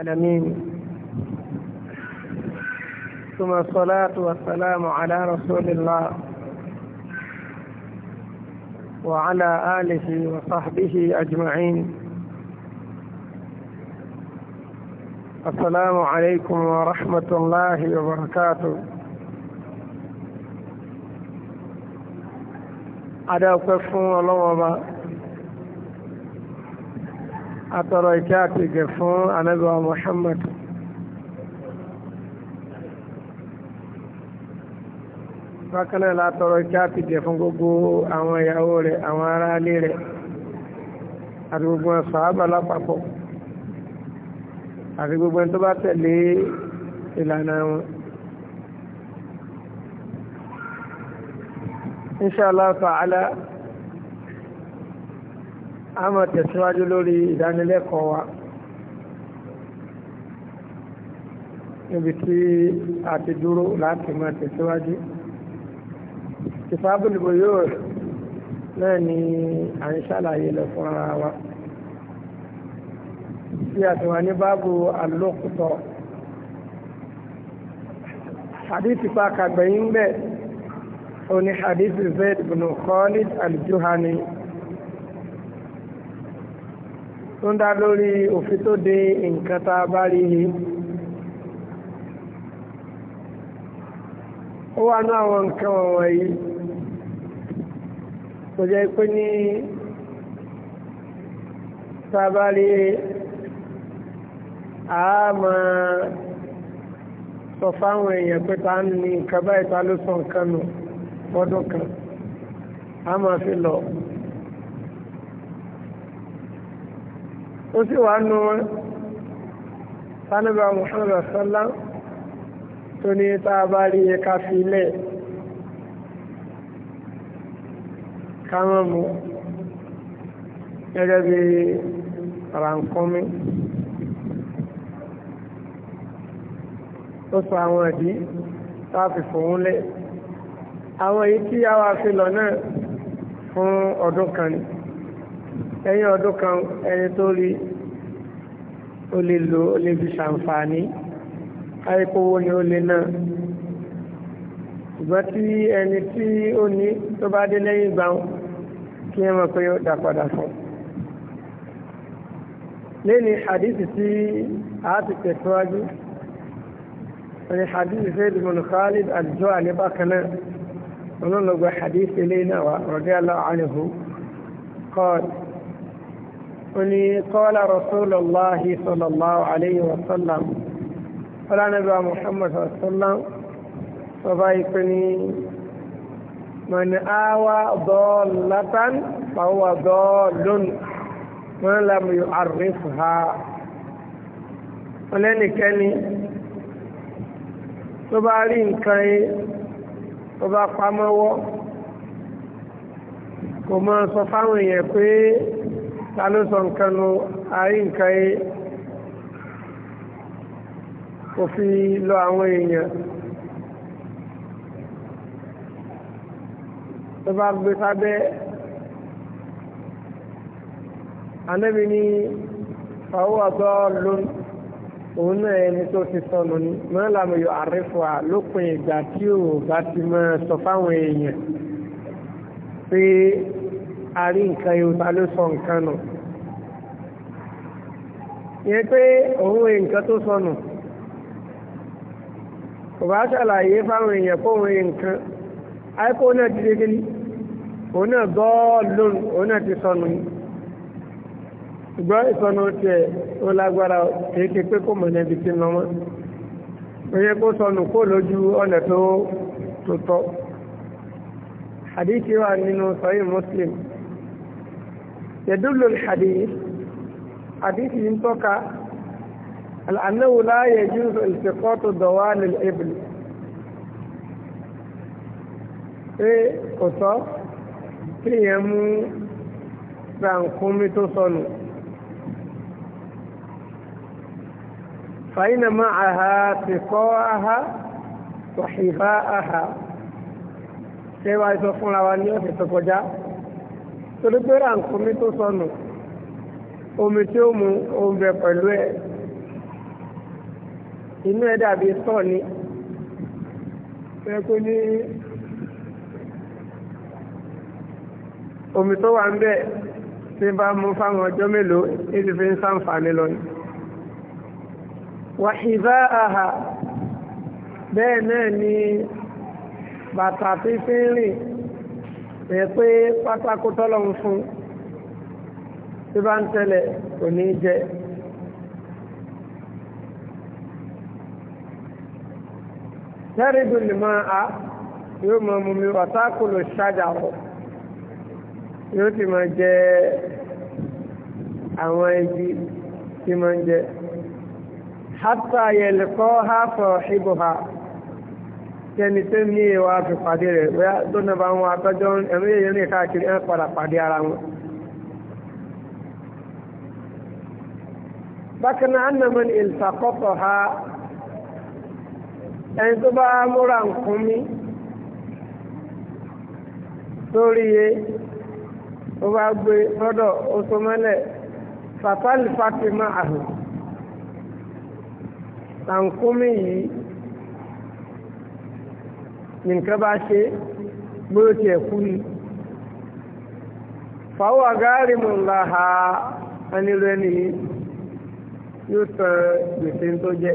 العالمين ثم الصلاة والسلام على رسول الله وعلى آله وصحبه أجمعين السلام عليكم ورحمة الله وبركاته أدعوكم الله وبركاته atọrọ ìkẹ́ àti ìgẹ̀ fún ànábì wa Muhammad bákan náà látọrọ ìkẹ́ àti ìgẹ̀ fún gbogbo àwọn ìyàwó rẹ̀ àwọn ará ilé rẹ̀ àti gbogbo sàábà lápapọ̀ àti gbogbo ẹni tó bá tẹ̀lé ìlànà wọn inshallah ta'ala a máa tẹ̀síwájú lórí ìdánilẹ́kọ̀ọ́ wa níbi tí a ti dúró láti máa tẹ̀síwájú ìfábùlùbù yóò náà ni à ń ṣàlàyé lọ fún ara wa bí a ti wà ní báàbù alókùtọ̀ hadith pa kàgbẹ̀yìn bẹ́ẹ̀ oní hadith zayd bin khalid al-juhani tó ń dá lórí òfin tó de nǹkan tá a bá rí ni ó wà ní àwọn nǹkan wọ̀nyí kò jẹ́ pé ní tá a bá rí a máa sọ fáwọn èèyàn pé ta ń nǹkan báyìí ta ló sọ nǹkan nù fọ́dún kan a máa fi lọ. ó sì wà nù wọn sanibà Muhammad sallam tó ní tá a bá rí i ká fi lẹ̀ ká mọ̀ mọ́ gẹ́gẹ́ bí rànkọ́mí ó sọ àwọn ìdí tá a fi fòun lẹ̀ àwọn èyí tí a wá fi lọ náà fún ọdún kan ni ẹ̀yìn ọdún kan ẹni tó rí o lè lò o lè fi ṣàǹfààní káyíkówó ni o lè náà ṣùgbọ́n tí ẹni tí ó ní tó bá dé lẹ́yìn ìgbà kí ẹ mọ̀ pé ó dá padà fún un hadithi tí a ti tẹ̀síwájú wani hadithi Zaid bin Khalid al-Juhani bákaná olóògbé hadithi lẹ́yìn náà wà radiyallahu anhu qala oni qala rasulullahi sallallahu alayhi wa sallam ọlánàbà muhammad sallam sọba ìpè ní mọ̀nà áwá dọ́ọ̀látán fàwọ́ dọ́ọ̀lún wọn làmù yóò àrífù ha ọlẹ́nìkẹ́ni tó bá rí nǹkan yìí tó bá pamọ́wọ́ kò mọ̀ sọ fáwọn èèyàn pé ta ló sọ nǹkan nu ayé nǹkan yé kò fi lọ àwọn èèyàn tó bá gbé sábẹ́ anábì ní fàwọ́ ọ̀dọ́ lónìí òun náà ẹni tó ti sọnù ní mọ́lámù yóò àrífọ́ lópin ìgbà tí ò bá ti máa sọ fáwọn èèyàn pé àrí nǹkan yóò ta ló sọ nǹkan nù yẹn pé òun èyí nǹkan tó sọnù kò bá ṣàlàyé fáwọn èèyàn kó òun èyí nǹkan àìkó náà ti dé délé òun náà lónìí òun náà ti sọnù yìí gbọ́ ìsọnù tiẹ̀ ó lágbára kéèké pé kò mọ̀ níbi tí ń lọ mọ́ kó sọnù kó lójú ọ̀nà tó يدل الحديث حديث ينتقى أنه لا يجوز التقاط دوال الإبل pé kò tọ́ kíyàn mú rànkúnmí tó sọnù fàyínà máa àhà ti kọ́ àhà wàhìbá àhà ṣé wàá sọ fúnra wa ní ọ̀sẹ̀ tó kọjá torí pé ràǹkúmí tó sọnù omi tí ó mu òun bẹ pẹ̀lú ẹ̀ inú ẹ̀ dàbí sọ̀ ni ẹ̀kú ní omi tó wà ń bẹ̀ tí bá mú fáwọn ọjọ́ mélòó èdè fi ń sàǹfààní lọ ni wàhíbá àhà bẹ́ẹ̀ náà ni bàtà fífín rìn ìyẹn pé pátákó tọ́lọ́run fún tí bá ń tẹ́lẹ̀ kò ní jẹ tẹ́rìbìlì máa a yóò máa mú mi wà tákùlù ṣájà ọ̀ yóò ti máa jẹ àwọn igi tí máa ń jẹ hátà yẹlẹ̀kọ́ ha fọ̀ ha. Fa, kẹ́ni tó ní ìwà fi pàdé rẹ̀ bóyá tó náà bá wọn atọ́jọ́ ẹ̀mí èyí rìn káàkiri ẹ̀ padà pàdé ara wọn. bákan náà anamọ́ ni ha ẹni tó bá múra nǹkan mi sórí yé ó bá gbé sọ́dọ̀ oṣù mọ́lẹ̀ fàtàlì fàtìmọ́ àhùn. Tàǹkúmí yìí nìkan bá ṣe bóyá tiẹ̀ kú ni fàwọ́ àgáàrí mú ńlá ha ẹnirú ẹni yóò tàn gbèsè tó jẹ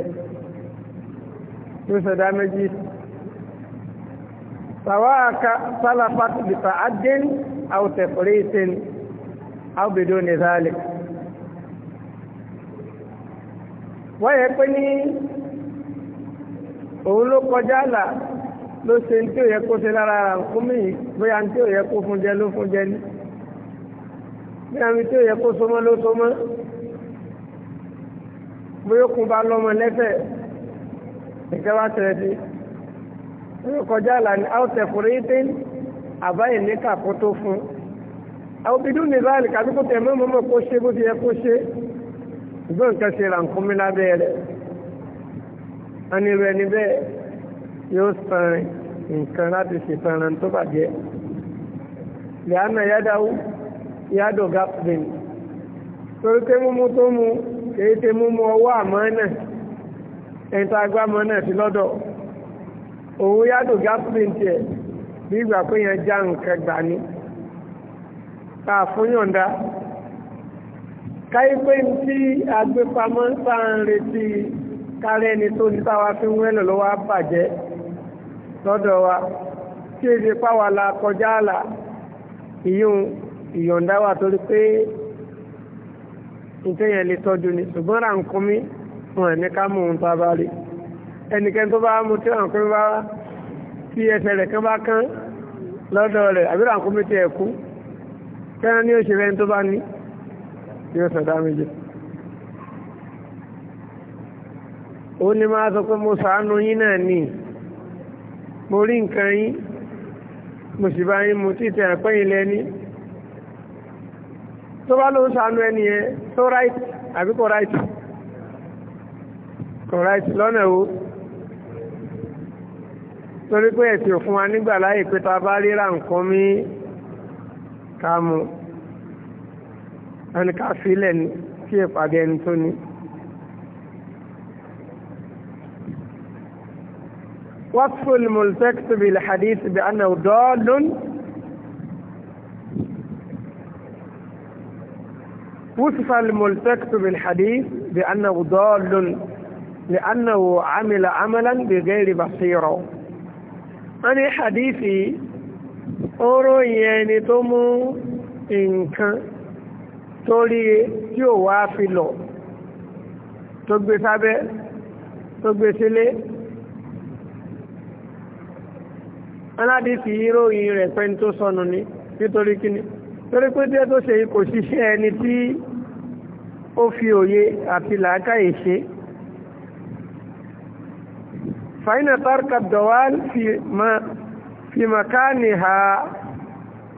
yóò sọdá méjì sàwáàka sálàfàt bìtà àdín àwòtẹ̀fọ̀rẹ́ ìsìn àwòbèdó nìzálẹ̀ wọ́n pé ní òun ló kọjá là ló ṣe tí ò yẹ kó ṣe lára ara fún mi bóyá tí ò yẹ kó fún jẹ ló fún jẹ ní bóyá tí ò yẹ kó sọmọ ló sọmọ bóyá okùn bá lọ́mọ lẹ́fẹ̀ nìkẹ́ wá tẹ̀lé sí bóyá kọjá àlàní àwòtẹ̀ fúnrẹ́ tẹ́ àbáyé ní kàkó tó fún àwọn bidú ní báyìí kàbí kó tẹ̀ mọ́ mọ́ kó ṣe bó ti yẹ kó ṣe ìgbọ́n nǹkan ra nǹkan mi lábẹ́ rẹ̀ wọ́n ní irú ẹni yóò sàn rìn nǹkan láti ṣètànràn tó bàjẹ́ lẹ́yìn yádáwó yádò gapdin torí pé múmú tó mú kìí tẹ múmú ọwọ́ àmọ́ náà ẹ̀ta agbámọ́ náà sí lọ́dọ̀ òun yádò gapdin tiẹ̀ bí ìgbà pé yẹn já nǹkan gbà ní ta fún yọ̀ǹda káyí pé tí agbépamọ́ sáà ń retí kárẹ́ni tó ní táwa fi ń wẹ́lọ̀ lọ́wọ́ bàjẹ́ lọ́dọ̀ wa tí èdè páwa la kọjá àlà ìyún ìyọ̀ǹda wa torí pé ìtẹ́yẹ̀ lè tọ́jú ni ṣùgbọ́n ra nǹkan mi wọn ní ká mú un tó bá rí ẹnikẹ́ni tó bá mú tí ra nǹkan mi bá tí ẹsẹ̀ rẹ̀ kan bá kán lọ́dọ̀ rẹ̀ àbí ra nǹkan mi ti ẹ̀kú kẹ́rin ní òṣèré ẹni tó bá ní yóò sọ̀dá méjì. ó ní máa sọ pé mo ṣàánú yín náà nìyí. mo rí nǹkan yín mo sì bá yín mu títẹ̀ ẹ̀pẹ́ yín lẹ́ni tó bá ló ń ẹni ẹ tó ráìtì àbí kò ráìtì kò ráìtì lọ́nà wo torí pé ẹ̀sìn òfin wa nígbà láyè pé ta bá ríra nǹkan mí ká mu ẹni ká fi lẹ́ni kí ìpàdé ẹni tó ní. وصف الملتقط بالحديث بأنه ضال وصف الملتقط بالحديث بأنه ضال لأنه عمل عملا بغير بصيرة أنا حديثي أرو يعني تمو إنك تولي يوافلو تقبي tí تقبي سلي aládìsí ìròyìn rẹ̀ pẹ́ni tó sọnù ní nítorí kíni torí pé tí ẹ tó ṣe kò ṣiṣẹ́ ẹni tí ó fi òye àti làákàyè ṣe fàínà tárkà dọ̀wál fi makáni ha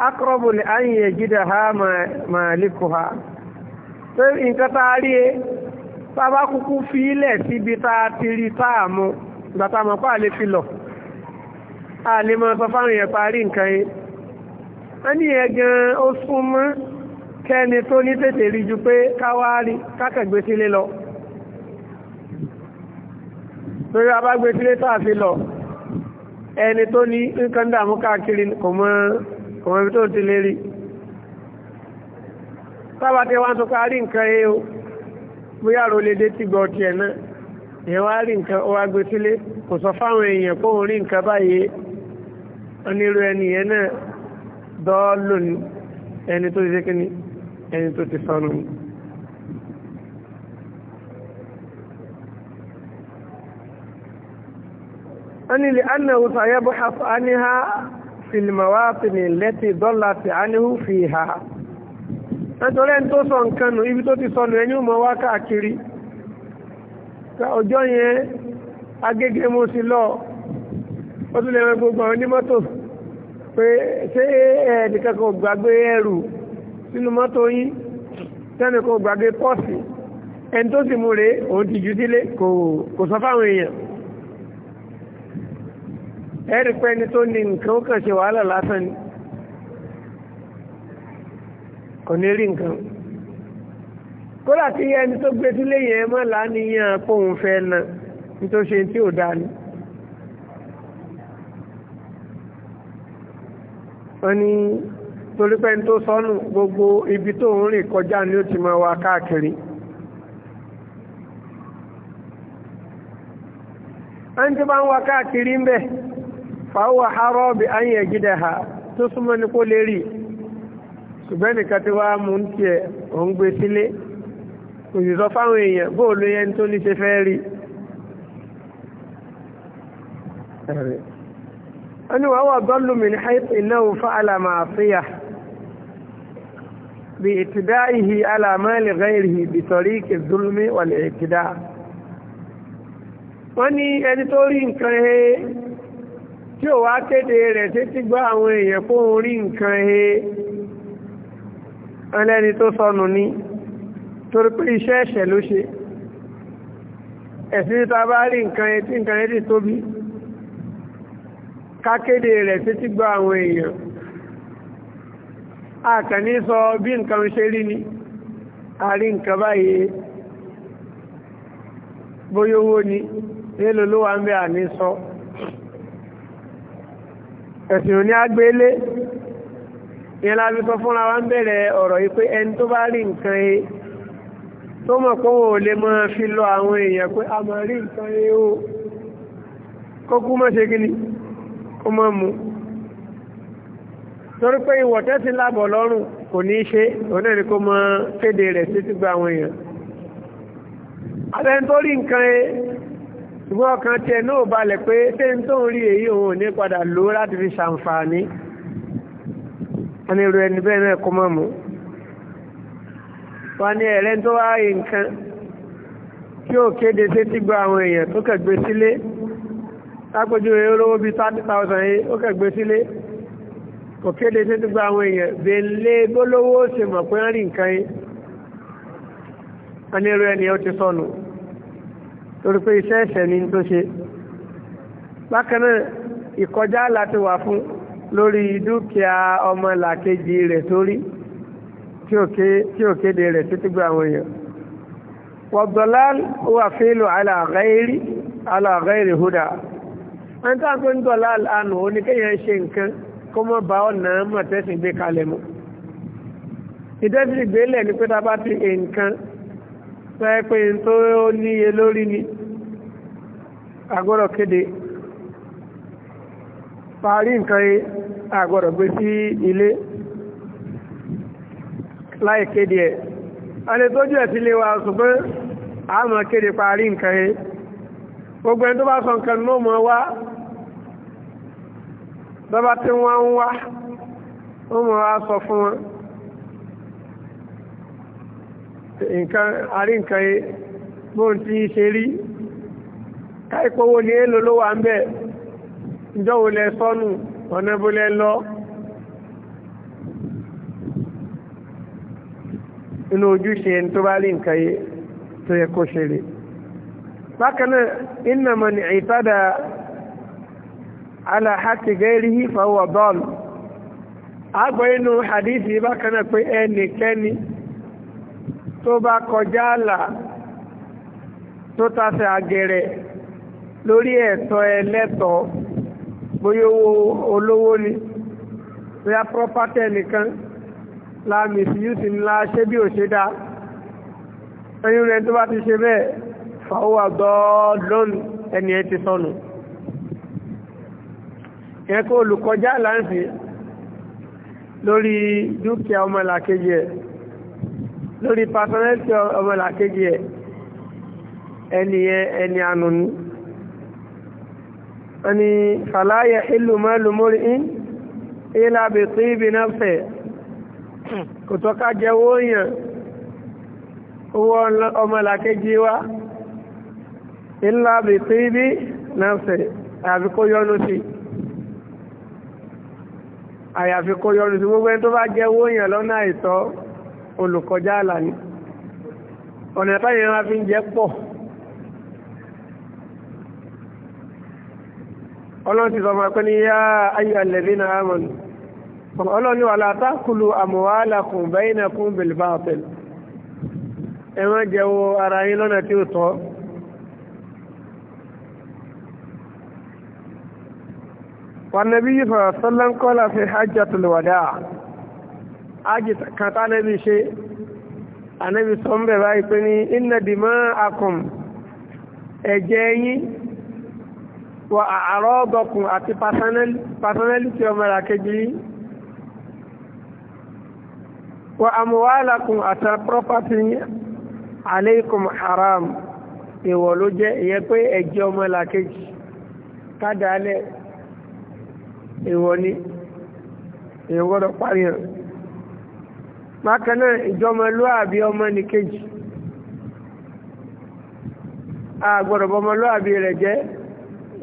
akọrọ̀bù lè áyìnyẹ jídà ha màálìkù ha tó nǹkan tá a rí e tá a bá kúkú fi ilẹ̀ síbi tá a ti rí táàmù gbàtàmọ́pá lè fi lọ a lè mọ́ sọ fáwọn èèyàn parí nǹkan yìí a ní ẹ gan ó sún mọ́ kẹ́ni tó ní tètè rí ju pé káwárí kákẹ̀gbé sílé lọ torí abágbé sílé tààfi lọ ẹni tó ní nǹkan dààmú káàkiri kò mọ̀ ibi tó ti lè rí sábàtí wọ́n tó kárí nǹkan yìí o bóyá rò lè dé ti gbọ́ tiẹ̀ náà èèyàn wá rí nǹkan ó wá gbé sílé kò sọ fáwọn èèyàn kóhun rí nǹkan báyìí onírú ẹni yẹn náà dọ́ọ̀lù ni ẹni tó ṣe kíni ẹni tó ti sọnù ni. wọ́n ní lè annahu sayabhath anha fil mawatin allati dallat anhu fiha nítorí ẹni tó sọ nǹkan nù ibi tó ti sọnù ẹni ò wá káàkiri ọjọ́ yẹn agége mo sí lọ ó tún lè rẹ gbogbo àwọn onímọ́tò pé ṣé ẹnìkan kò gbàgbé ẹrù sínú mọ́tò yín tẹ́nì kò gbàgbé pọ́ọ̀sì ẹni tó sì mú rèé òun ti jù sílé kò sọ fáwọn èèyàn ẹ̀rí pé ẹni tó ní nǹkan ó kàn ṣe wàhálà lásán ni kò ní rí nǹkan kódà kí ẹni tó gbé sílé yẹn mọ́ lá níyàn pòun fẹ́ náà nítorí ṣe tí ò dáa ni. wọ́n ní torí pé tó gbogbo ibi tó ń rìn kọjá ni ó ti máa káàkiri. ẹni tó bá ń káàkiri ń bẹ̀ fàáwà ha tó súnmọ́ ní kó lè rí ṣùgbẹ́ nìkan ti ò ń gbé sílé fáwọn èèyàn bóòlù yẹn tó ní ṣe ẹni هو wà من حيث إنه فعل معصية fa على مال غيره alamali ghairihi bí torí kì zulmi wal ìtìdá wọ́n ní ẹni tó rí nǹkan he tí ó wá kéde rẹ̀ títí gbọ́ àwọn èèyàn kó ń rí nǹkan he ẹlẹ́ni tó sọnù ní torí pé iṣẹ́ ẹ̀ṣẹ̀ ló ṣe ẹ̀sìn tá rí nǹkan he tí nǹkan he ti tóbi kákéde rẹ̀ títí gbọ́ àwọn èèyàn àkàní sọ bí nǹkan ṣe rí ni àrí nǹkan báyìí bóyá owó ni nílò ló wà ń bẹ àní sọ ẹ̀sìn òní agbélé ìyẹn láti sọ fúnra wa ń bẹ̀rẹ̀ ọ̀rọ̀ yìí pé ẹni tó bá rí nǹkan e tó mọ̀ pé wọn lè máa fi lọ àwọn èèyàn pé a máa rí nǹkan e o kókú mọ̀ ṣe kí ni kó mọ́ mu torí pé ìwọ̀ tẹ́sí lábọ̀ lọ́rùn kò ní í ṣe òun náà ni kó mọ́ kéde rẹ̀ sí ti gba àwọn èèyàn abẹ́ntórí nǹkan ẹ e, ṣùgbọ́n ọkàn tiẹ̀ náà balẹ̀ pé tẹ́ni tó ń rí èyí òun ní padà lò láti fi ṣàǹfààní wọ́n ẹni bẹ́ẹ̀ náà kó mọ́ mu wọ́n ní ẹ̀rẹ́ tó wáyé nǹkan tí ó kéde sétí gba àwọn èèyàn tó kẹ̀gbé sílé lápẹjú rẹ̀ olówó bíi 30,000 yìí ó kẹ̀gbé sílé kò kéde tí gbogbo àwọn èèyàn bèèlè gbólówó ṣe mọ̀ pé ń rí nǹkan yìí wọ́n ní irú ẹni ó ti sọnù torí pé iṣẹ́ ẹ̀ṣẹ̀ ni tó ṣe bákan náà ìkọjá láti wà fún lórí dúkìá ọmọ làkejì rẹ̀ sórí tí ò kéde rẹ̀ títí gbogbo àwọn èèyàn wọ́n dọ̀lá wà fílò àlàgáìrì àlàgáìrì húdà ẹni tá pé ń dọ̀lá àánú ó ní kéèyàn ṣe nǹkan kó mọ́ bá ọ̀nà mọ̀tẹ́sìn gbé kalẹ̀ mọ́ ìdẹ́sí ìgbélẹ̀ ni pé tá bá ti nǹkan pẹ́ pé n tó níye lórí ni agbọ́dọ̀ kéde parí nǹkan yìí agbọ́dọ̀ gbé sí ilé láì kéde ẹ̀ ẹni tó jẹ́ sílé wa ṣùgbọ́n àmọ́ kéde gbogbo ẹni tó bá sọ nǹkan náà mọ́ wá dọ́bá tí wọ́n ń wá wọ́n mọ̀ wá sọ fún wọn nǹkan àrí nǹkan yìí ṣe rí ni èèlò ló wà ń bẹ̀ lẹ sọ́nù ọ̀nà lọ inú ojúṣe ẹni tó bá rí nǹkan yìí tó ala hati gairihi fahuwa dọ́ọ̀lù agbọ́ inú hadithi bákanáà pé ẹnikẹ́ni tó bá kọjá àlà tó tasẹ̀ àgẹ̀rẹ̀ lórí ẹ̀tọ́ ẹlẹ́tọ̀ọ́ bóyá owó olówó ni bóyá property nìkan la misuse ńlá ṣé bí ò ṣe dá ẹni rẹ̀ tó bá ti ṣe bẹ́ẹ̀ fahuwa dọ́ọ̀lù ẹni ẹ ti sọnù yẹn kó olùkọjá láǹsì lórí dúkìá ọmọlàkejì ẹ̀ lórí pàtàkì ọmọlàkejì ẹ̀ ẹni yẹn ẹni ànúní ẹni fàláyẹ̀ ìlú mẹ́lú mórí in ìlàbẹ̀ tí ibi náà fẹ̀ kò tọ́ka jẹ́ owó yẹn owó ọmọlàkejì wa ìlàbẹ̀ tí ibi náà fẹ̀ àbíkó yọ́nú sí àyàfi kó yọrù sí gbogbo ẹni tó bá jẹ́ owó èèyàn lọ́nà àìtọ́ olùkọjá àlà ni ọ̀nà táyẹ̀ wọn fi ń jẹ́ pọ̀ ọlọ́run ti sọ ma pẹ́ ní yá ayé alẹ́bí na amọ̀nù ọlọ́run wà látàkùlù àmọ̀wálàkùn bẹ́yìnàkùn bilbaapẹ̀lú ẹ̀wọ̀n jẹ́wọ́ ara yín lọ́nà tí ó tọ́ والنبي صلى الله عليه وسلم قال في حجة الوداع أجي كتا نبي شيء النبي صلى الله عليه وسلم إن دماءكم أجيني wa àárọ́bọ̀kùn àti pàtánẹ́lìtì ọmọ ìràkejì wa àmúwálàkùn àti pọ́pátì aleikum haram ìwọ̀ ló jẹ́ ìyẹ́ pé ẹ̀jẹ́ ọmọ ìràkejì kádàálẹ̀ èèwọ̀ ni èèyàn gbọ́dọ̀ parí hàn bákan náà ìjọmọlúàbí ọmọ ní kejì a gbọ́dọ̀ bọmọlúàbí rẹ̀ jẹ́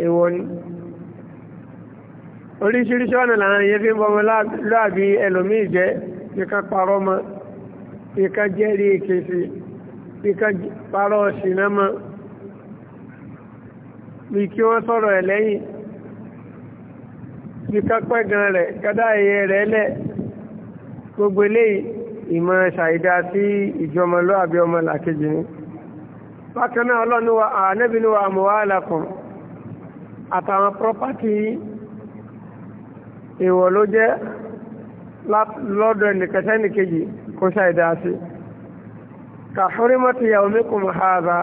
èèwọ̀ ni oríṣiríṣi ọ̀nà làwọn èèyàn fi ń bọmọlúàbí ẹlòmíì jẹ́ nìkan parọ́ mọ́ nìkan jẹ́rìí èké sí nìkan parọ́ ṣìnà mọ́ bí kí wọ́n sọ̀rọ̀ ẹ̀ lẹ́yìn bí kápẹ́ gan rẹ̀ kádá ẹ̀yẹ rẹ̀ lẹ̀ gbogbo eléyìí ìmọ̀ ṣàìdá sí ìjọmọlúàbí ọmọ làkejì ni bákan náà ọlọ́ni wa ànẹ́bí ni wa àmúwàhálà kan àtàwọn pọ́pátì ìwọ̀ ló jẹ́ lọ́dọ̀ ẹnìkẹsẹ́nìkejì kó ṣàìdá sí kàhórímọ́tì yàwó mẹ́kùnmọ́ ha àbá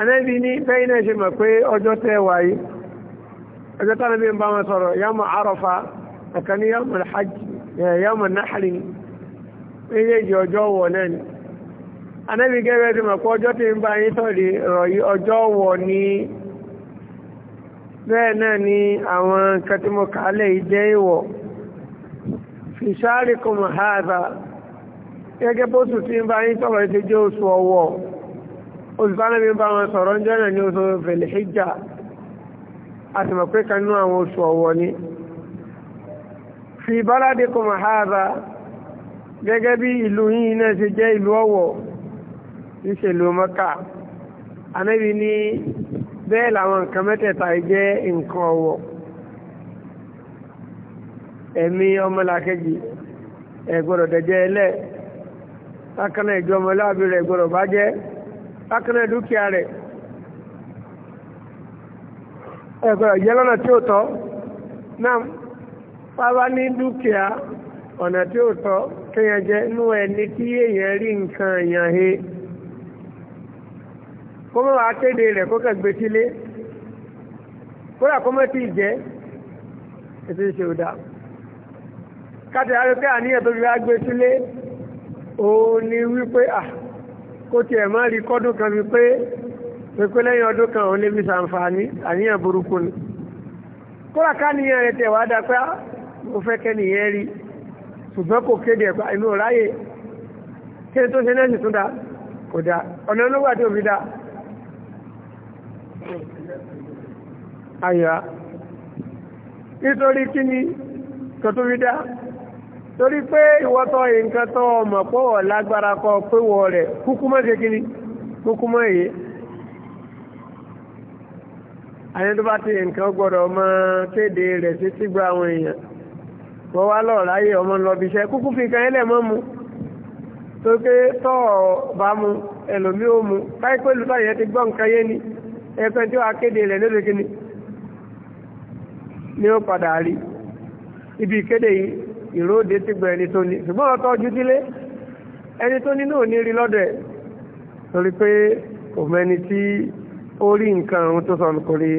ànẹ́bí ní bẹ́yìn náà ṣe mọ̀ pé ọjọ́ tẹ́ wáyé ẹjọ́ tánà bí n bá wọn sọ̀rọ̀ yàmà àrọ̀fà àkàní yàmà hajj eh, yàmà náhàlì méjèèjì ọjọ́ wọ̀ náà ni anábì gẹ́gẹ́ ti mọ̀ pé ọjọ́ tí ń bá yín sọ̀rí rọ̀ yí ọjọ́ wọ̀ ní bẹ́ẹ̀ náà ni àwọn nǹkan tí mo kà á lẹ̀ yìí jẹ́ ìwọ̀ fi sáárì kò mọ̀ háàzà gẹ́gẹ́ bó sùn tí ń bá yín sọ̀rọ̀ yìí ti jẹ́ oṣù ọwọ́ oṣù tánà bí n bá wọn sọ̀rọ̀ ń jẹ́ náà ní oṣù fèlè hijja a sì àwọn oṣù ọ̀wọ̀ ni fi báládé gẹ́gẹ́ bí ìlú yìí náà ṣe jẹ́ ni ọ̀wọ̀ ìṣèlú mọ́kà anábì ní bẹ́ẹ̀ làwọn nǹkan mẹ́tẹ̀ẹ̀ta emi nǹkan ọ̀wọ̀ ẹ̀mí ọmọlàkejì ẹ̀gbọ́dọ̀ dukia ẹ̀gbọ́n jẹ́ lọ́nà tí ó tọ́ náà pápá ní dúkìá ọ̀nà tí ó tọ́ kéèyàn jẹ́ inú ẹni tí èèyàn rí nǹkan èèyàn he kó mọ́ wàá kéde rẹ̀ kó kẹ̀gbé sílé kódà kó mọ́ tí ì jẹ́ ètò ìṣèwòdà káàtì arúgbó àníyàn tó fi wá gbé sílé òun ni wípé kó tiẹ̀ má rí kọ́dún kan fi pé pẹ̀pẹ́ lẹ́yìn ọdún kan òun lè fi ṣàǹfààní àníyàn burúkú ni kóra káníyàn rẹ̀ tẹ̀ wá ah, mo fẹ́ kẹ́nìyàn rí ṣùgbọ́n kò kéde ẹ̀pá inú ráyè kí ni tó ṣe náà sì tún dá kò dá ọ̀nà olóògbà tó fi dá àyà nítorí kí ni tó tó fi dá torí pé ìwọ́tọ̀ nǹkan tó ọmọ pọ̀ lágbára kọ pé wọ́ rẹ̀ kúkú mọ́ ṣe kí ni kúkú mọ́ èyí àyẹ̀ tó bá ti nǹkan gbọ́dọ̀ ọmọ kéde rẹ̀ sí sígbà àwọn èèyàn wọ́n wá lọ ráyè ọmọ lọ́bi iṣẹ́ kúkú fi kan ẹlẹ́ mu tó ké tọ́ bá mu ẹlòmí ó mu káíkó ìlú táyẹ̀ ti gbọ́ nǹkan yé ni ẹ̀kan tí wàá kéde rẹ̀ lóde kíni ni ó padà rí ibi ìkéde yìí ìróde ti gbọ́ ẹni tó ní ṣùgbọ́n ọ̀tọ́ ojú dílé ẹni tó ní náà ní rí lọ́dọ̀ ẹ̀ torí pé kò tí orí nǹkan àwọn tó sọnù kò rí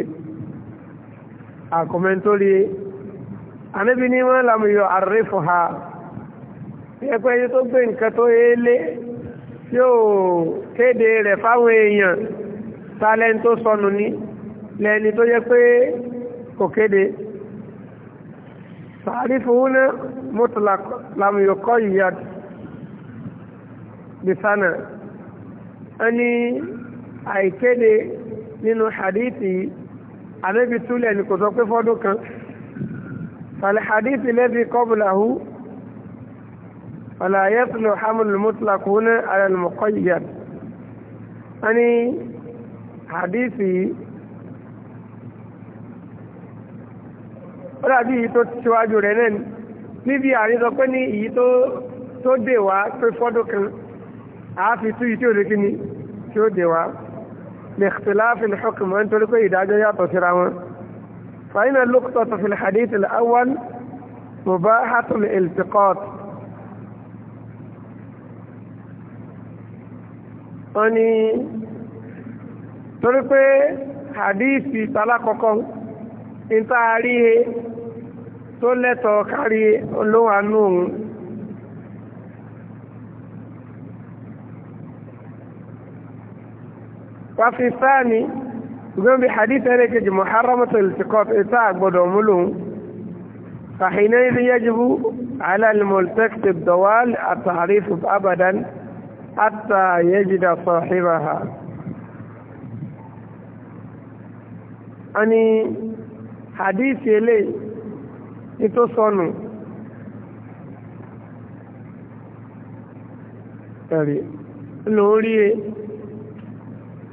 àkọ́mẹ́ntórí anábì ní wọ́n lámúyọ àrẹ́fù ha ẹgbẹ́ yìí tó gbé nǹkan tó yélé yóò kéde rẹ̀ fáwọn èèyàn tálẹ́ni tó sọnù ní lẹ́ni tó yẹ pé kò kéde sàárífù wúná mọ́tòlá lámúyọ kọ́ ìyá bìsánà ẹni àìkéde nínú hadithi anábì túlẹ̀ ní kò sọ pé fọ́dún kan fàlẹ̀ hadithi lẹ́bi kọ́bùlàhù wàlà yẹ́tùlù hamlul mutlaqu ní alẹ́lùmọ̀kọ́yìyàn wọ́n ní hadithi ó dàbí èyí tó tíwájú rẹ̀ náà níbi àrísọ pé ní èyí tó dè pé fọ́dún kan àáfi tú yìí tí ò lè ni tí ó dè لاختلاف الحكم وان تلقوا إداجة ياتو سراما فإن اللقطة في الحديث الأول مباحة الالتقاط أني حديث في طلاقكم انت عريه تلتو كاري اللوانون وفي الثاني يقول بحديث هناك محرمة الالتقاط إتاع بدوملون فحينئذ يجب على الملتقط الضوال التعريف أبدا حتى يجد صاحبها أني حديث إليه يتصنوا lórí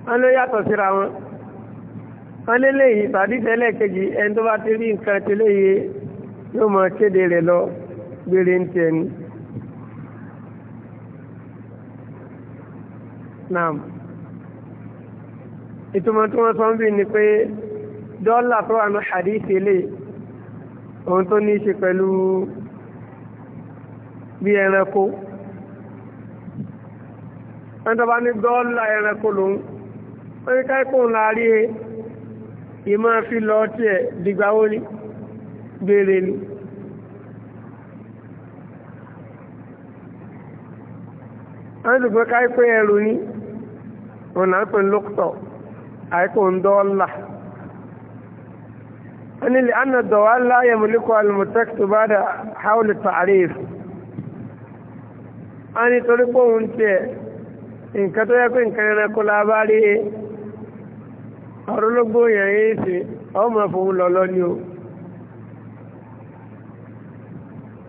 wọ́n ló yàtọ̀ síra wọn wọ́n lélẹ̀ yìí tàdífẹ́ lẹ́ẹ̀kejì ẹni tó bá ti rí nǹkan tẹ́lẹ̀ yìí yóò mọ kéde rẹ̀ lọ gbére ń tiẹ̀ ni. naam ìtumọ̀ tí wọ́n sọ ń bí ni pé dọ́là tó wà ní hadith ilé ohun tó ní ṣe pẹ̀lú bí ẹranko ẹni tó bá ní dọ́là ẹranko lòun wọ́n ní káíkùn láàrí ìmọ̀ fi lọ tí ẹ̀ dìgbàwó ní bèèrè ni wọ́n ti gbé káíkùn ẹrù ní wọ́n náà pè lókùtọ̀ àíkùn dọ́ọ̀là wọ́n ní lẹ́nà dọ̀wà láyé múlíkọ̀ alùmọ̀tẹ́kì tó bá dà haúlì tààríf wọ́n ní torí pé òun tiẹ̀ nǹkan tó yẹ pé nǹkan ẹranko lábárí ọ̀rọ̀ ológbó yẹn yé ṣe ọmọ fòun lọ lọ ní o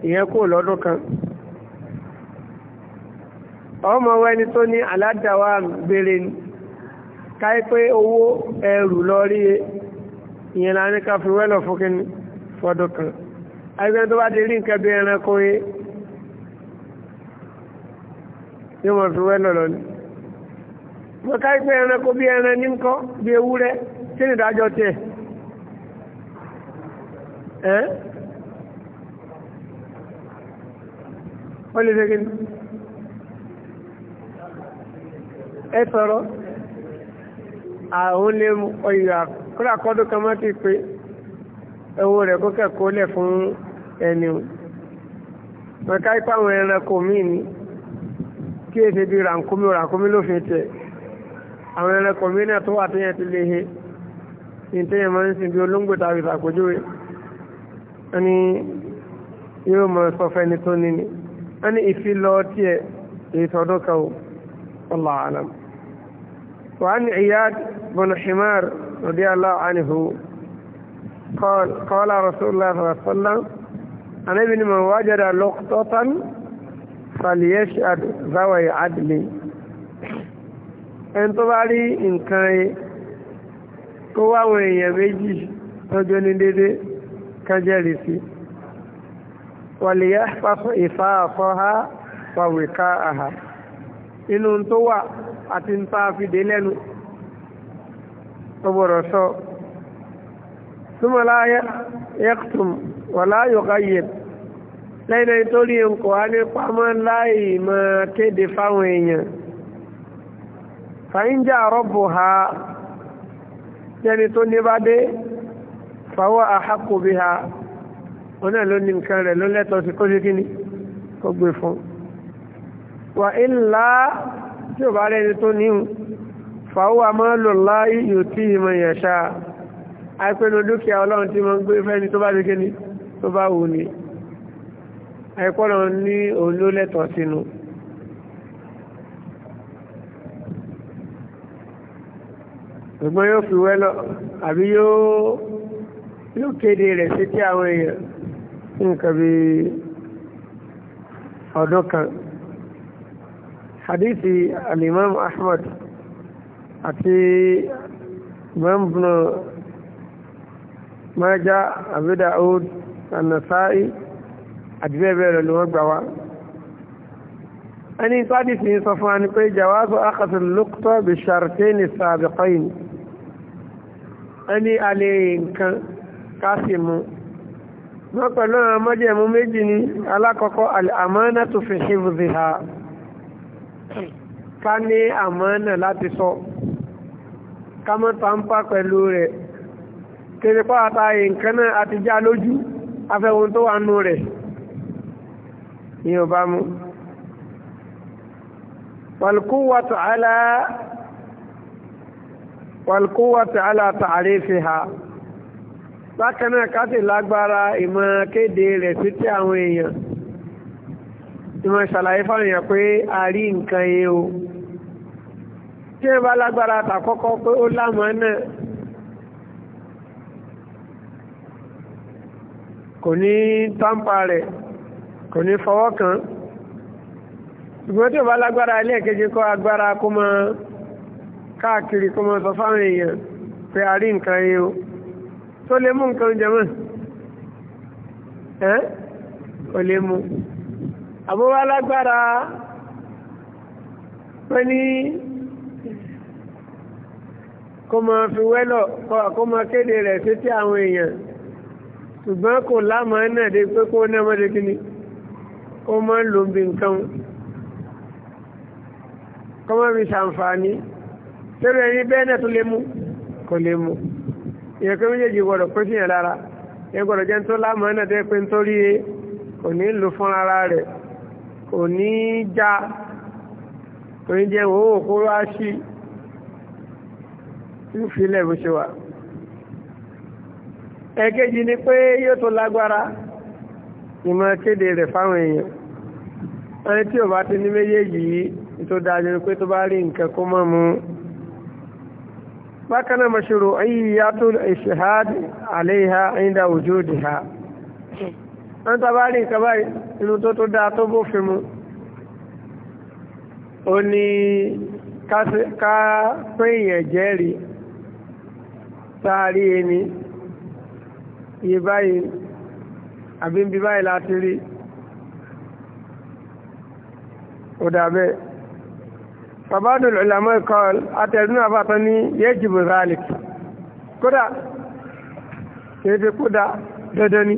ìyẹn kò lọ́dún kan ọmọ wẹni tó ní aládàwà gbére ni káyí pé owó ẹrù lọ rí e. ìyẹn la ní ká fi wẹ́lọ̀ fókín fọ́dún kan ẹgbẹ́ tó bá ti rí nǹkan bí ẹranko yé yóò mọ̀ fi wẹ́lọ̀ lọ wọ́n ká ìpẹ́ ẹranko bí ẹran ní nǹkan bí ewúrẹ́ kí ni ìdájọ́ tiẹ̀ ẹ́ ó lè fẹ́ kí ni ẹ sọ̀rọ̀ àwọn lè ọ̀yà kúrò àkọ́dún kan má ti pé owó rẹ̀ kó kẹ́kọ̀ọ́ lẹ̀ fún ẹni wọ́n ká ìpẹ́ àwọn ẹranko míì ní kí èsè bí ràǹkómi ràǹkómi lófin tẹ̀ àwọn ẹranko mìíràn tó wà tó yẹn ti lè he ní tí yẹn máa ń sin bí olóńgbò tàbí ìtàkójúwe ẹni yóò mọ̀ sọ fẹ́ni tó ní ẹni ìfilọ́ tiẹ̀ èyí tọdún kan wallahu alam. عياد بن حمار رضي الله عنه قال رسول الله صلى الله عليه وسلم أنا ابن من وجد لقطة ذوي عدل ẹni tó bá rí nǹkan ẹ kó wáwọn èèyàn méjì tọ́jọ́ ní dédé kájẹ́rì sí wàlìyá ìfà àfọ́há wàwìká àhà inú tó wà àti ń tá a fi dé lẹ́nu ọgbọ̀rọ̀ sọ súnmọ́lá yẹ́kùtùm wàlá yọ̀gáyẹ̀ lẹ́yìn tó rí nǹkan wá ní pamọ́ láì máa kéde fáwọn èèyàn fàyínjà rọ́bù ha yẹni tó ní bá dé fàwọ́ àhákò bí ha ọ̀nà ló ní nǹkan rẹ̀ ló lẹ́tọ̀ọ́ sí kó sí kíní kó gbé fún wà ìlà tí ò bá rẹni tó níhun fàwọ́ amọ́lòlá yóò tí ìmọ̀ yẹ̀ṣà àìpẹ́nu dúkìá ọlọ́run tí wọ́n gbé fẹ́ni tó bá sí kíní tó bá wù ní àìpọ́nà ní òun ló lẹ́tọ̀ọ́ sínú. ṣùgbọ́n yóò fi wẹ́lọ́ àbí yóò yóò kéde rẹ̀ sí tí àwọn èèyàn nǹkan bí ọdún kan hadithi alimam ahmad àti mambuna maja abidaud anasai àti bẹ́ẹ̀ bẹ́ẹ̀ lọ ni wọ́n gbà wá ẹni tó sọ fún wa ni pé jawazu akhasil luqta bi shartain sabiqain ẹni alẹ́ nǹkan ká sì mú wọ́n pẹ̀lú àwọn mọ́jẹ̀mú méjì ní alákọ̀ọ́kọ́ àmọ́nà tó fi ṣíbùdì ha ká ní àmọ́nà láti sọ ká mọ́ tàǹpà pẹ̀lú rẹ̀ kéré pàtà nǹkan náà àti já lójú afẹ́hun tó wà nú rẹ̀ ní ọba mú wàlùkú wàtàálà wàlkúwàtí alátàrífìhà bákanáà káti lágbára ìmọ̀ kéde rẹ̀ sí tí àwọn èèyàn ìmọ̀ ṣàlàyé fáwọn pé a rí nǹkan yé o tí wọ́n bá lágbára tàkọ́kọ́ pé ó lámọ̀ náà kò ní tàǹpà rẹ̀ kò ní fọwọ́ kan ṣùgbọ́n tí ó bá lágbára ilé ìkejì kọ́ agbára kó máa káàkiri kó máa sọ fáwọn èèyàn pé a rí nǹkan yìí o tó lè mú nǹkan oúnjẹ mọ́ ẹ́ kò lè mú àbúrò alágbára pé ní kó máa fi wẹ́lọ̀ kó máa kéde rẹ̀ sétí àwọn èèyàn ṣùgbọ́n kò lámàá náà dé pé kó náà mọ́dé kí ni kó máa ń lo bí nǹkan kó máa tẹ́lẹ̀ ẹni bẹ́ẹ̀ náà tó lè mú kò lè mú ìyẹn pé méjèèjì gbọ́dọ̀ kó sí yẹn lára ẹ gbọ́dọ̀ jẹ́ tó lámọ̀ náà tẹ́ pé nítorí e, kò ní lò fún ara rẹ̀ kò ní já kò ní jẹ́ òwò kó wá sí ń bó ṣe wà. ẹ̀kejì ni pé yóò tó lágbára ìmọ̀ kéde rẹ̀ fáwọn èèyàn ẹni tí ò bá ti ní méjèèjì yìí tó dájú pé tó bá rí nǹkan kó mọ̀ mú un bákan náà mọ̀ṣòro ayyíyàtò ìṣèhádì àléhà ìdá òjò dìhà wọ́n tàbá rí nǹkan báyìí inú tó tó dáa tó bófin mu ó ní ká pín èèyàn jẹ́rìí sáàrí ẹni iye báyìí àbí ń bí báyìí láti rí ó dà bẹ́ẹ̀ tabadul ulama kọ́l àtẹ̀dún àbátọ́ ní yajibu zalik kódà kéde kódà dandan ni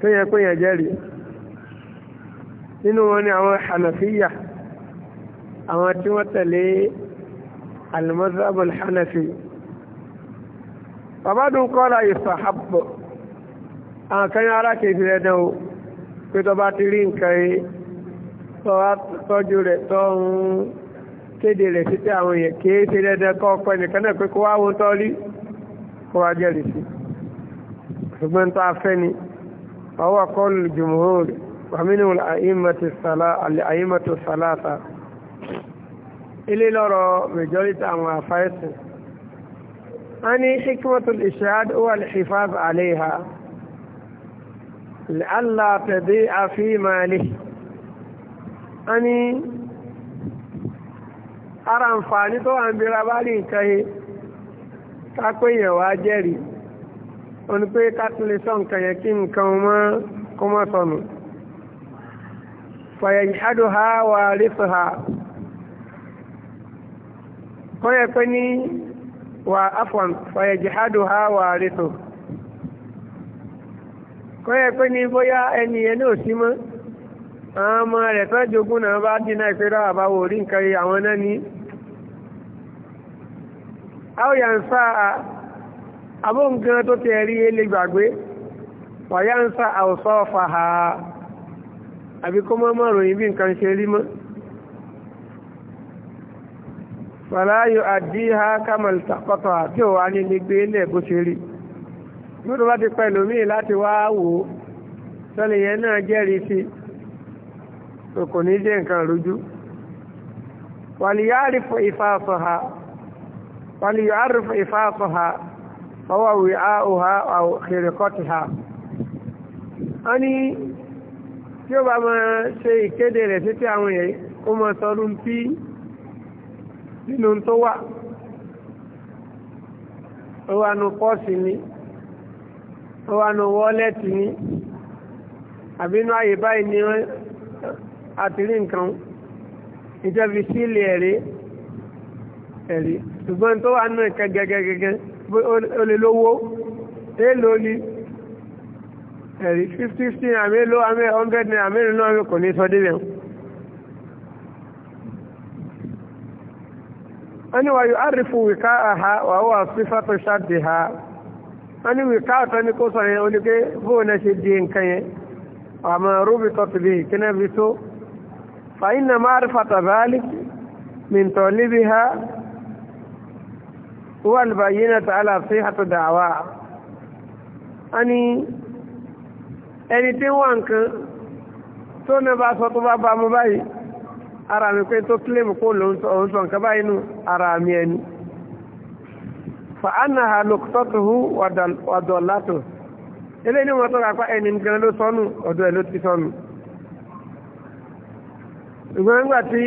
tó yẹ kó yẹ jẹ́rì nínú wọn ni àwọn hanafiya àwọn tí wọ́n tẹ̀lé almazhabul hanafi tabadul kọ́lá yustahabbu àwọn kan yára kejì rẹ̀ ti rí nǹkan yìí tọ́ wá tọ́jú rẹ̀ tọ́ ń kéde rẹ̀ sí pé àwọn èèyàn kéé ṣe dandan kọ́ ọpẹ́ nìkan náà pé kó wá wo tọ́ rí kó wá jẹ́rìí sí ṣùgbọ́n tó afẹ́ ni ọwọ́ kọlù jùmùhùn wàmínú àyímọ̀tò sàlátà ilé lọ́rọ̀ majority àwọn àfáìsìn a ní hikmatul ishad wà ani ní ara àǹfààní tó wà nke bera bá rí nǹkan yìí ká pé èèyàn wá jẹ́rìí ó ní pé ká tún lè sọ yẹn kí kó ha wa rífò ha kọ́ yẹ pé ní wà áfọ̀n ha wà rífò kọ́ yẹ pé ní bóyá ẹni yẹn náà sí àwọn ọmọ rẹ̀ tó jogún náà bá dínà ìpérò àbáwò orí nǹkan àwọn náà ní àwòyà ń sá àbóǹkan tó tẹ̀ rí ele gbàgbé wàyà ń sá àwòsọ́ fàhà àbí kó mọ́ mọ́rùn bí nǹkan ṣe rí mọ́ fàláyò ha kàmàlìtà pọ́tọ̀ àti òwà ní gbígbé ilẹ̀ bó ṣe rí lóòrò bá ti pẹ̀lú míì láti wá wò sọ́lẹ̀ yẹn náà jẹ́rìí sí kò ní jẹ́ nǹkan rújú wàlìyàrífò ìfàsọ̀ha wàlìyàrífò ìfàsọ̀ha ha. wí áhùhá àwòkèrèkọ́tì ha wọ́n ní tí ó bá máa ṣe ìkéde rẹ̀ tí ni ó ni ni àti rí nǹkan ìjẹ́bi sílé ẹ̀rí ẹ̀rí ṣùgbọ́n tó wà nù ẹ̀kẹ́ gẹ́gẹ́gẹ́gẹ́ ó lè lówó ẹ̀rí fifty sixteen àmì èèlò àmì hundred naira àmì èèlò náà kò ní sọ débẹ̀. wọ́n ní wàyí àrífù wìká àhá wàhùwà sífàtò ṣáàdì ha wọ́n ní wìká ọ̀tọ́ ní kó sọ yẹn oníke fóònù فإن معرفة ذلك من طالبها هو البينة على صحة دعواها أني ẹni tí wọ́n nǹkan tó ní bá sọ tó bá bá mú báyìí ara mi pé tó kílèmù kó lòun sọ nǹkan báyìí ara mi ẹni fa'ánà ha lòkútọ́tùhú wàdọ̀látò ilé ní wọ́n tó kápá ẹni gan ló ṣùgbọ́n nígbà tí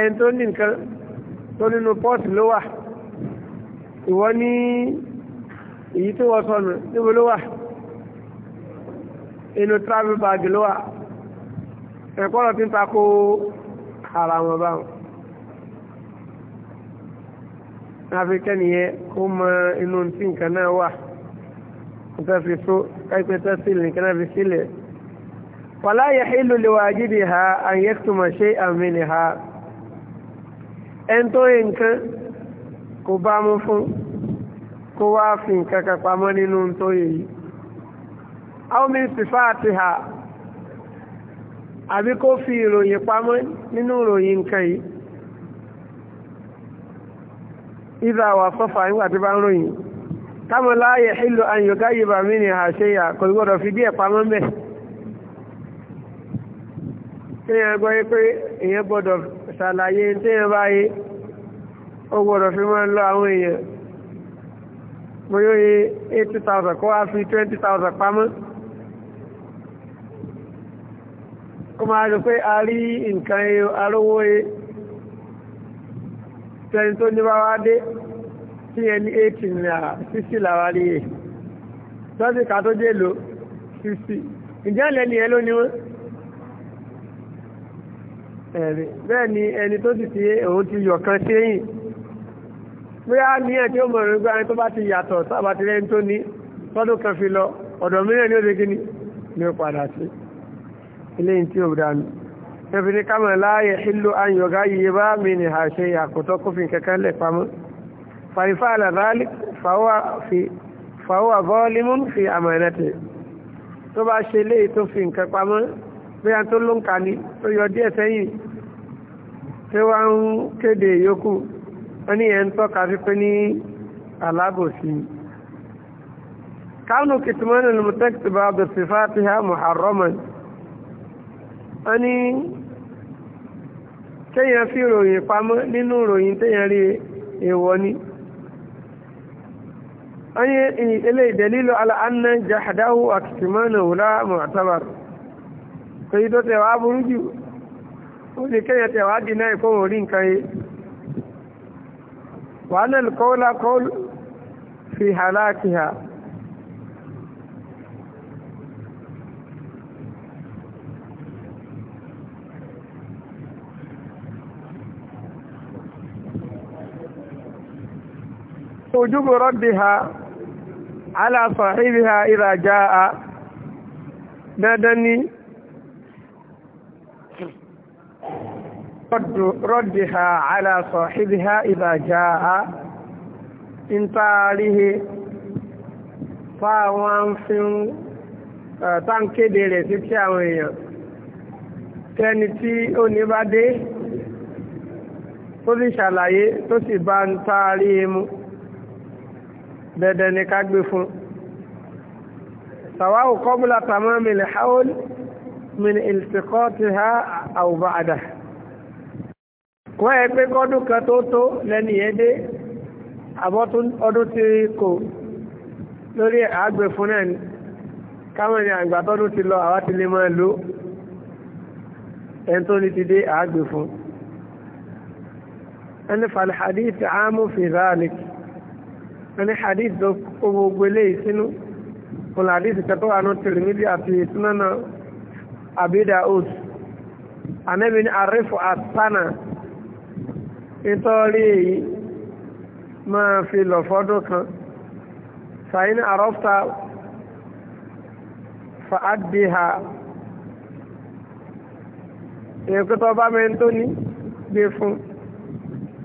ẹni tó ní nǹkan tó nínú pọ́ọ̀tù ló wà ìwọ ní èyí tó wọ́n sọnù níbo ló wà inú travel bag ló wà ẹ̀kọ́ lọ ti ń takò ara wọn báwọn. àfi kẹ́niyẹ kó mọ inú tí nǹkan náà wà nǹkan fi so káìpẹ́ tẹ́sílì nǹkan náà fi sílẹ̀ wàlá yẹ̀hìlú lèwàjíbi ha àyẹ́kùtùmọ̀ ṣe àmìnì ha ẹn tó yẹ nǹkan kò bá mú fún kó wá fi nǹkan kan pamọ́ nínú tó yẹ yìí àwọn mínísítì àti ha àbí kó fi ìròyìn pamọ́ nínú ìròyìn nǹkan yìí ìdá wà sọ́fà nígbà tí bá ń ròyìn kámọ́ láàyè hìlú àyọ̀ká yìí bàmí ni àṣeyà kò gbọ́dọ̀ fi díẹ̀ pamọ́ mẹ́ẹ̀ téèyàn gbọ́ yé pé èèyàn gbọ́dọ̀ ṣàlàyé téèyàn bá yé ó gbọ́dọ̀ fi máa ń lọ àwọn èèyàn bóyá yé eighty thousand kó wá fi twenty thousand pamọ́ kó máa rí pé a rí nǹkan eyo arówó e tẹni tó ní bá dé tí ẹni eighty ní à sixty làwá rí e lọ́sìkà tó dé lò sixty ìjẹ́ lẹ́ni ẹ ló wọ́n ẹ̀rí bẹ́ẹ̀ ni ẹni tó ti ti òun ti yọ̀ kan ṣéyìn bóyá ní ẹ̀ tí ó mọ̀rún gbá ẹni tó bá ti yàtọ̀ sábà ti rẹ́ni tó ní tọ́dún kan fi lọ ọ̀dọ̀ mìíràn ní oṣù kìíní ni ó padà sí ilé tí ó dánú ẹbí ní kámọ̀ láàyè ìlú ayọ̀gá yìí bá mi ní àṣẹ àkótọ́ kófin kankan lẹ̀ pamọ́ fàyífà àlàbálì fàwọ́ àbọ́ọ́límù fi àmọ̀ẹ́nẹ́tẹ̀ tó bá ṣe léyìí tó fi nǹkan pamọ́ bóyá tó ló ń kà ní tó yọ díẹ̀ sẹ́yìn tí wọ́n ń kéde yòókù wọ́n ní ẹ̀ ń tọ́ka sí pé ní alábòsí kánú kìtìmọ́nì lùmùtẹ́kìtì bá bẹ̀ sí fatiha muharraman wọ́n ní kéèyàn fi ròyìn pamọ́ nínú ròyìn téèyàn rí èèwọ̀ ni wọ́n ní eléyìí dalilu ala anna jahdahu akìtìmọ́nì wùlá mu'tabar èyí tó tẹ̀ wá ó ní kéyàn tẹ̀ wá dínà ìkóhùn orí nǹkan yìí wà náà kọ́ọ́lá kọ́ọ́lù fi hàlákìhà وجوب ردها على صاحبها إذا جاء دادني rọ́dìhà aláṣọ ìdíhà ìbàjá a ń taarihe fáwọn fi ń táǹkéde rẹ̀ sí tí àwọn èèyàn tẹni tí ó ní bá dé tó sì ṣàlàyé tó sì bá ń taarihe mu dẹ̀dẹ̀ ni ká gbé fún sàwáwò kọ́bùlà tàmọ́ mìlẹ̀ haúl min iltikọ́tìhà àwùbá àdáhà kọ́ ẹ pé kọ́dún kan tó tó lẹ́ni ẹdé ọdún ti kò lórí àgbẹ̀ fún náà ni káwọn ni àgbà tọ́dún ti lọ àwa ti lè máa lò ẹni tó ní ti dé àgbẹ̀ fún ẹni falhadith amu fi zalik ẹni hadith tó kó gbogbo eléyìí sínú fún hadith kẹtọ́ wà ní Tirmidhi àti Sunan Abi Daud anẹ́bí ni àrífò àtànà nítorí èyí máa fi lọ fọ́dún kan sàyín àrọ́fta fàádìhà èkútọ́ bá mẹ́rin tó ní gbé fún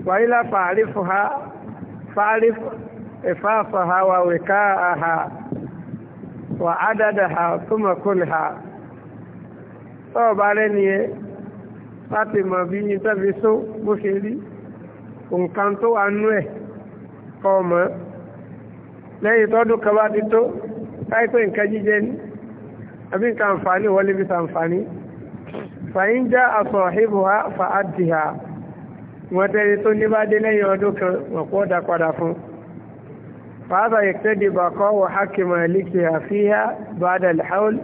wàyílá fàárífù ha fàárífù ẹ̀fáàfà ha wà wẹ̀ká àhà wà ádádà ha túnmọ̀kúlù ha tọ́ọ̀bá rẹ̀ nìyẹn láti mọ̀ bí ìtọ́bi sún bó ṣe rí nǹkan tó wà nú ẹ̀ kọ́ ọmọ lẹ́yìn tọ́dún kan bá ti tó láìpẹ́ nǹkan jíjẹ ní àbí nǹkan àǹfààní wọlé bí sàǹfààní fàyín já aṣọ àhíbò ha fa àdì ha wọ́n tẹ́lẹ̀ tó ní bá dé lẹ́yìn ọdún kan wọ́n pọ̀ dá padà fún fàáfà ìkẹ́dì bàkọ́ wọ hákìmọ̀ líkì àfíhà bàdà lẹ́hàul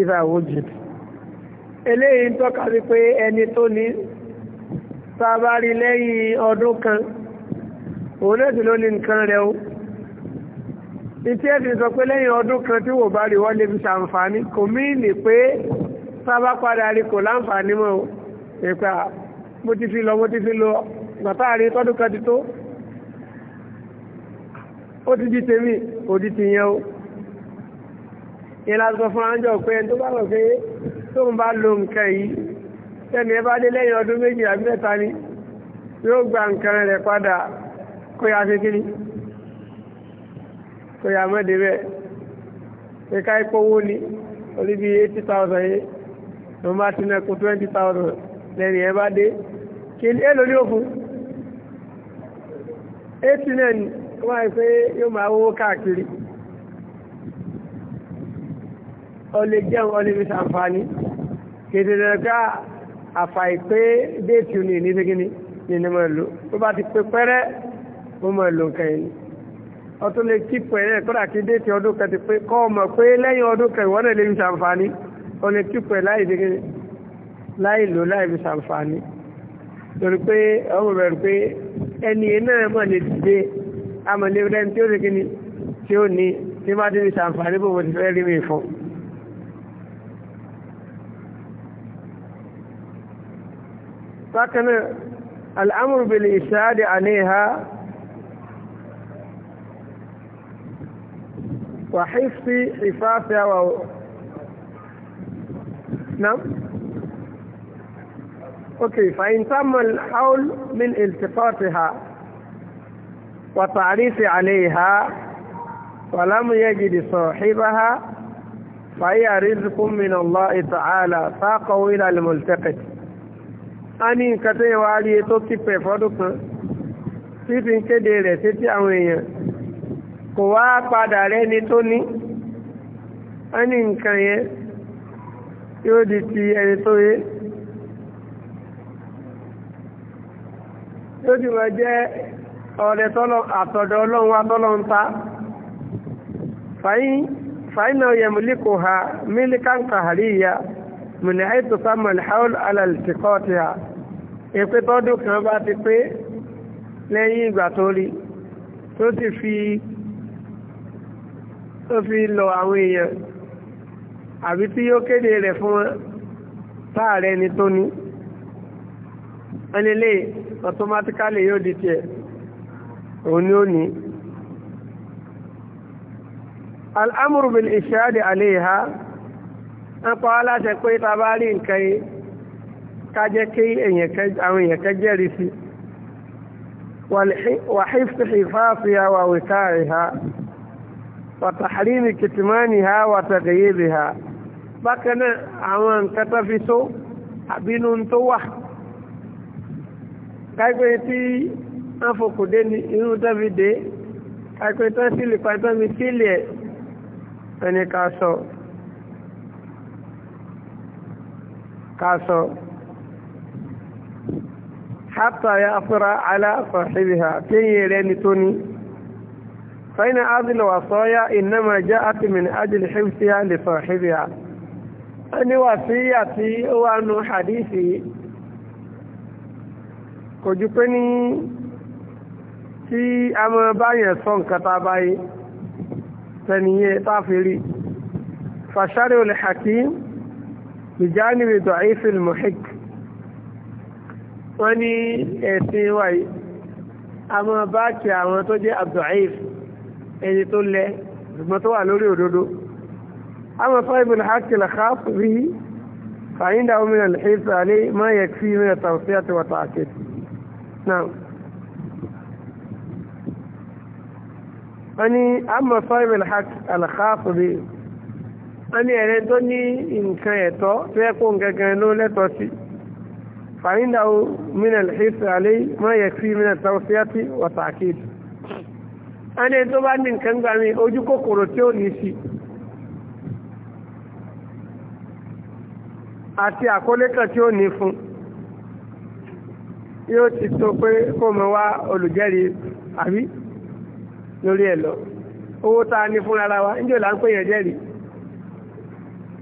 ìfà wujud eléyìí tọ́ka sí pé ẹni tó ní sábárí lẹ́yìn ọdún kan òun náà sì ló ní nǹkan rẹ̀ o ìtí ẹ̀sìn sọ pé lẹ́yìn ọdún kan tí wò bá rí wọ́n lè fi ṣàǹfààní kò míìlì pé sábà padà rí kò láǹfààní mọ́ o ìpè mo ti fi lọ mo ti fi lọ bàtà rí tọ́dún kan ti tó ó ti di tèmi kò di tìyẹn o ìlànà fún àjọ pé tó bá rọ̀ pé tóun bá lo nǹkan yìí tẹ́ni ẹ bá dé lẹ́yìn ọdún méjì àbí mẹ́ta ni yóò gba nǹkan rẹ̀ padà kó ya fi kiri kó ya mọ́ débẹ̀ ẹ̀ka ìpowó ni orí bíi eighty thousand yìí ló máa ti nà kó twenty thousand lẹ́yìn ẹ bá dé kí ẹ lórí òfin eighty náà ni wọ́n á pé yóò máa wó káàkiri ọ lè jẹun ọ lè fi ṣàǹfààní kèdè rẹ̀ àfàìpé déètì ní ìní gíní ní ní mọ̀ lò tó bá ti pé pẹ́rẹ́ mo mọ̀ lò nǹkan yìí ọtún lè kí pẹ̀lẹ́ kódà kí déètì ọdún kan ti pé kọ́ ọmọ pé lẹ́yìn ọdún kan ìwọ́n náà lè fi ṣàǹfààní ó lè kí pẹ̀ láì dégíní láì lò láì fi ṣàǹfààní torí pé ọmọ bẹ̀rù pé ẹni iná mọ̀ lè فكان الأمر بالإشهاد عليها وحفظ حفاظها و... نعم أوكي فإن تم الحول من التقاطها والتعريف عليها ولم يجد صاحبها فهي رزق من الله تعالى فاقوا إلى الملتقط a ní tó yẹ wá rí e tó kan fífi ń kéde rẹ̀ sétí àwọn èèyàn kò wá padà rẹ́ni tó ní a ní yẹn yóò di ti ẹni tó yé yóò ti wọ́n jẹ́ ọ̀rẹ́ àtọ̀dọ̀ ọlọ́run wa ta fàyín náà ha mìnà ètò sámọ̀lì haúl alàlìtìkọ́ọ̀tì à èpè tọ́dún kan bá ti pé lẹ́yìn ìgbà tó rí tó ti fi tó fi lọ àwọn èèyàn àbí tí yóò kéde rẹ̀ fún wọn táàrẹ ni tó ní ẹlẹ́lẹ́ automatically yóò di tiẹ̀ òun ni ó ní al'amuru bil ishadi alaiha wọ́n pa wá láṣẹ pé ta bá rí nǹkan yìí ká jẹ́ kí àwọn èèyàn kan jẹ́rìí sí wàhífìhì fáfíà wà wìkáàrí ha wàtàhàrímì kìtìmánì ha wàtàgàyébì ha bákan àwọn nǹkan tó fi tó àbínú tó wà káìpé tí wọ́n fòkùdé ní irú tó káìpé tó sílì pàtó mi sílì sọ. kásọ hátà ya afúra aláfàṣíbíhà tí yìí rẹ̀ ní tó ní fẹ́ni azìlẹ̀ wà sọ́yá ìnáma jẹ́ àtìmìn ajìlẹ̀ ṣífíà lè fàṣíbíhà ẹni wà sí àti ó wà nù hadisi kò ju pé بجانب ضعيف المحك وني سي واي اما باكي اما توجي الضعيف اني تقول له ما توالوري ودودو اما صايب الحق الخاص به فعنده من الحيف عليه ما يكفي من التوصيات والتاكيد نعم أني أما صايب الحق الخاص به ani ní ẹ̀rẹ́ tó ní nǹkan ẹ̀tọ́ tó yẹ kó ló sí o minel hisa alẹ́ mọ́ A ní tó bá ní nǹkan gbà ojú kòkòrò tí ó ní sí àti tí ó ní fún yóò ti tó pé kó mọ wá olùjẹ́rìí àbí lórí ẹ̀ lọ owó tá a ní wa ń jò là ń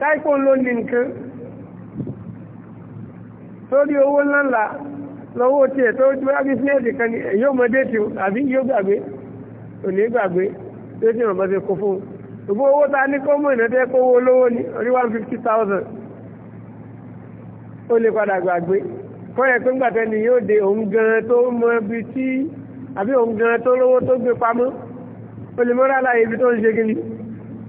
táìpò ló ní nǹkan torí owó ńláńlá lọ́wọ́ tí ẹ̀ tó jú rábí sílẹ̀dì kan ní yóò mọ déètì àbí yóò gbàgbé ò ní gbàgbé tó ti rànbọ́ ti kó fún un ṣùgbọ́n owó ta ní kọ́mọ̀ ìnàtẹ́ kówó olówó ní orí one fifty thousand ó lè padà gbàgbé kọ́ ẹ̀ pé ńgbà tẹ́ni yóò de òun gan tó mọ ibi tí àbí òun gan tó lówó tó gbé pamọ́ ó lè ibi tó ń ṣe kí ni.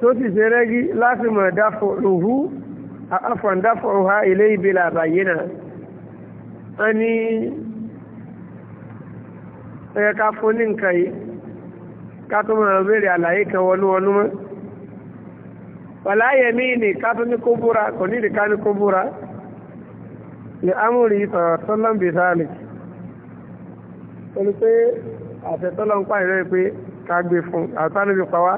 tó sì ṣe rẹ́gí láti mọ̀ dáfọ̀ òhú àfọ̀n dáfọ̀ òhá ilé ìbílẹ̀ àbàyé náà a ní ẹ̀yẹ ká fún ní nǹkan yìí ká tó mọ̀ béèrè àlàyé kan wọnú wọnú mọ́ wàláyé mí ní ká tó ní kó búra kò ní ìdíká ní kó búra ní amúrí sọ̀rọ̀ tọ́lọ́m̀bì sáàlì pẹ̀lú pé àfẹ́tọ́lọ́m̀pá ìrẹ́ pé ká gbé fún àtàlùbí pa wá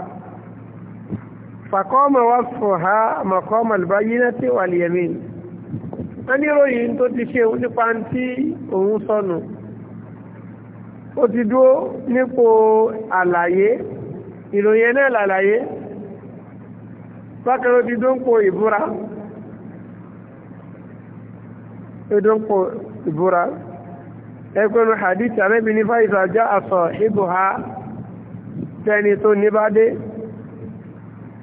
fàkọ́mọ̀ wá fò ha mọ̀kọ́mọ̀ àlùbáyínà tí wà lèmi wọ́n ní ròyìn tó ti ṣe nípa tí òun sọnù ó ti dúró nípò àlàyé ìròyìn náà làlàyé bákan ó ti dúró ń po ìbúra dúró ń po ìbúra ẹgbẹ́nu hadith arẹ́bìnrin fáìsà já àsọ̀ ibùhá tẹni tó ní bá dé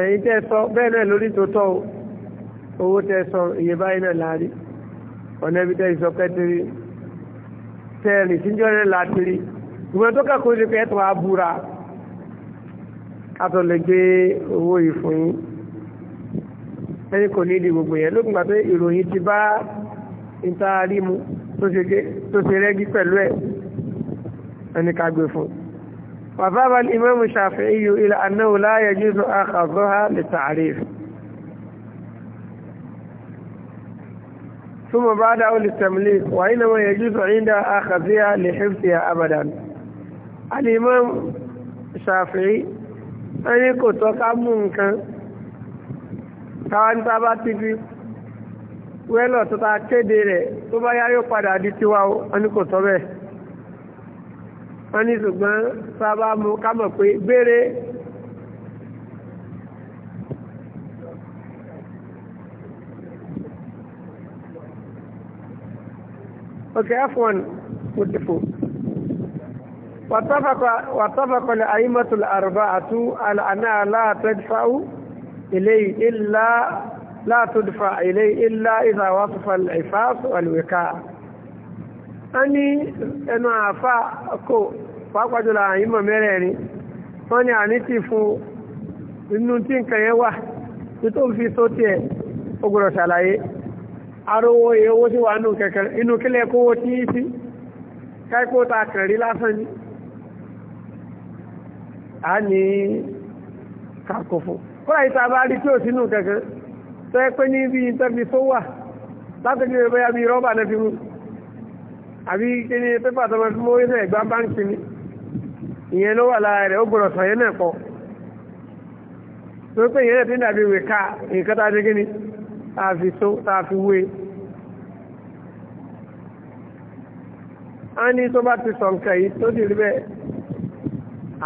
ẹ̀yin tẹ́ sọ bẹ́ẹ̀ náà lórí tó tọ́ o owó tẹ́ sọ iye báyìí náà láàrin ọ̀nà ibi tẹ́ sọ kẹ́tìrì tẹ́ẹ̀rì síjọ́ rẹ̀ látìrì ìgbọ́n tó kẹ́kọ̀ọ́ ṣe pé ẹ̀tọ́ àbúra kátó lè gbé owó yìí fún yín ẹni kò ní ìdí gbogbo yẹn lókùn gbà pé ìròyìn ti bá ìtaari mu tó ṣe rẹ́gí pẹ̀lú ẹ̀ ẹni ká gbé fún un. وذهب الإمام الشافعي إلى أنه لا يجوز أخذها للتعريف ثم بعده للتمليك وإنما يجوز عند أخذها لحفظها أبدا الإمام الشافعي أن يكون توقع ممكن كان تباتي wẹ́lọ̀ tó ta kéde rẹ̀ tó bá yá yóò padà di wọ́n ní ṣùgbọ́n sábà mú ká mọ̀ pé gbére okay f1 mutifu واتفق الأئمة الأربعة على أنها لا تدفع إليه إلا لا تدفع إليه إلا إذا وصف العفاف والوقاء ani ní ẹnu àfà kò pápájọ́lá àyímọ̀ mẹ́rẹ̀ẹ̀rin wọ́n ní ànítì fún inú tí nǹkan yẹn wà tí tó fi tó tiẹ̀ ó gbọ́dọ̀ ṣàlàyé arówó owó sí wà inú kílẹ̀ kówó tí í sí káíkó ta kàn rí lásán ni a ní kàkó fún kọ́lá ìta bá rí tí ò sínú kankan tó yẹ pé ní ìtẹ́bi àbí kí ni pépà tó máa fi mọ́ ìṣẹ́ ìgbà báńkì ni ìyẹn ló wà lára rẹ̀ ó gbọ́dọ̀ sàn yẹn náà pọ̀ tó pé ìyẹn náà ti ń dàbí ìwé ká nǹkan tá a ti kí ni tá a fi so tá a fi wé a ní tó bá ti sọ nǹkan yìí tó dì rí bẹ́ẹ̀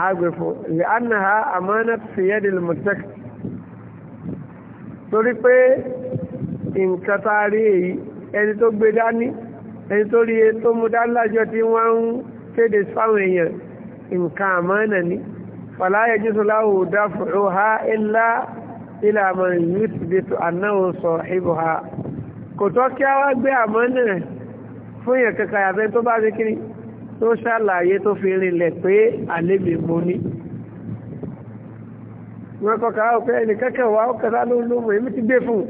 àgbè fún lè ha àmọ́nà fi yẹ́ di lùmọ̀tẹ́k torí pé nǹkan tá a rí èyí ẹni tó gbé dání ẹni tó rí e tó mú dáńdájọ́ tí wọ́n ń kéde fáwọn èèyàn nǹkan àmọ́nà ni fàlàyé jésù láwù dáfòrò ha ilá ilá àmọ́ yìí bí tó ànáwó sọ ìbò ha kò tọ́ kí a wá gbé àmọ́nà fún èèyàn kankan àbẹ́ tó bá fi kiri tó ṣàlàyé tó fi rinlẹ̀ pé àlébi mo ní wọ́n kọ́kọ́ àwọn pé ẹnì kẹ́kẹ́ wà ó kẹta ló lóun èmi ti gbé fún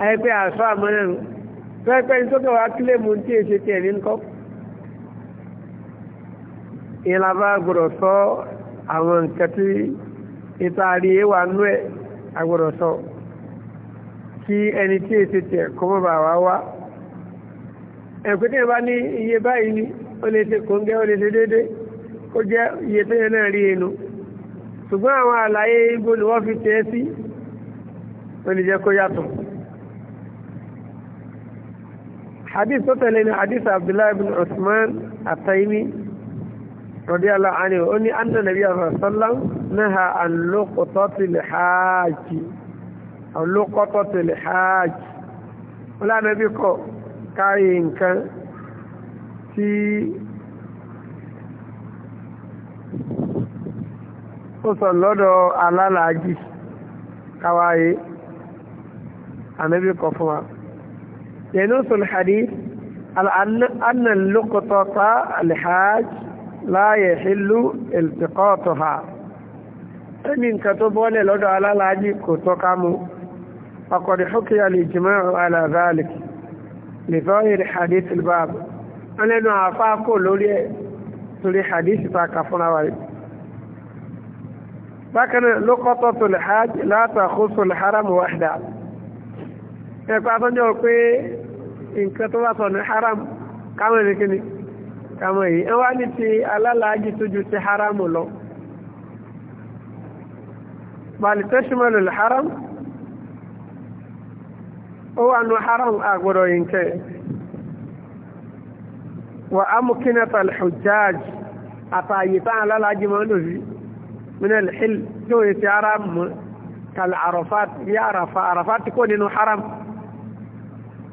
un àṣọ àmọ́nà nù pẹ́pẹ́ ní tókè wá kílẹ̀ mú tí èṣe tí ẹ̀rí ńkọ́ ìlà bá gbọ́dọ̀ sọ àwọn nǹkan tí ìtaari wà nú ẹ̀ agbọ́dọ̀ sọ kí ẹni tí èṣe tí ẹ̀ kọ́ mọ́ bà wá wá ẹ̀kútẹ́ bá ní iye báyìí ni ó lè ṣe kóńgẹ́ ó lè ṣe déédéé ó jẹ́ iye tó yẹn náà rí inú ṣùgbọ́n àwọn àlàyé ibo ni wọ́n fi tẹ́ sí ó lè jẹ́ kó yàtọ̀. hadith tó tẹ̀lé ní hadith abdullahi bin usman ataimi radiyallahu anhu ó ní anna nabi sallam naha an luqtati li haaji an luqtati li haaji ó lánàá bí kọ káyé nǹkan tí ó sọ lọ́dọ̀ alálàájì káwáyé ànábì kọ fún wa ينص الحديث أن أن اللقطة الحاج لا يحل التقاطها من كتبون لدى على العجي كتقام فقد حكي الإجماع على ذلك لظاهر حديث الباب أنا نعفاك لولي تولي حديث تاكفنا ولي لكن لقطة الحاج لا تخص الحرم وحده ẹ̀pá tó jọ pé nǹkan tó bá sọ̀nà haram káwọn èdè kíni káwọn èyí ẹ wá ní ti alálàájì tó ju ti haram lọ bàlítẹ́sìmọ́lù haram ó wà nù haram àgbọ̀dọ̀ nǹkan wà ámùkínẹ́tà al-hujjaj àtàyè tán alálàájì máa ń lò sí tó yẹ ti haram kal arafat bí arafa kó nínú haram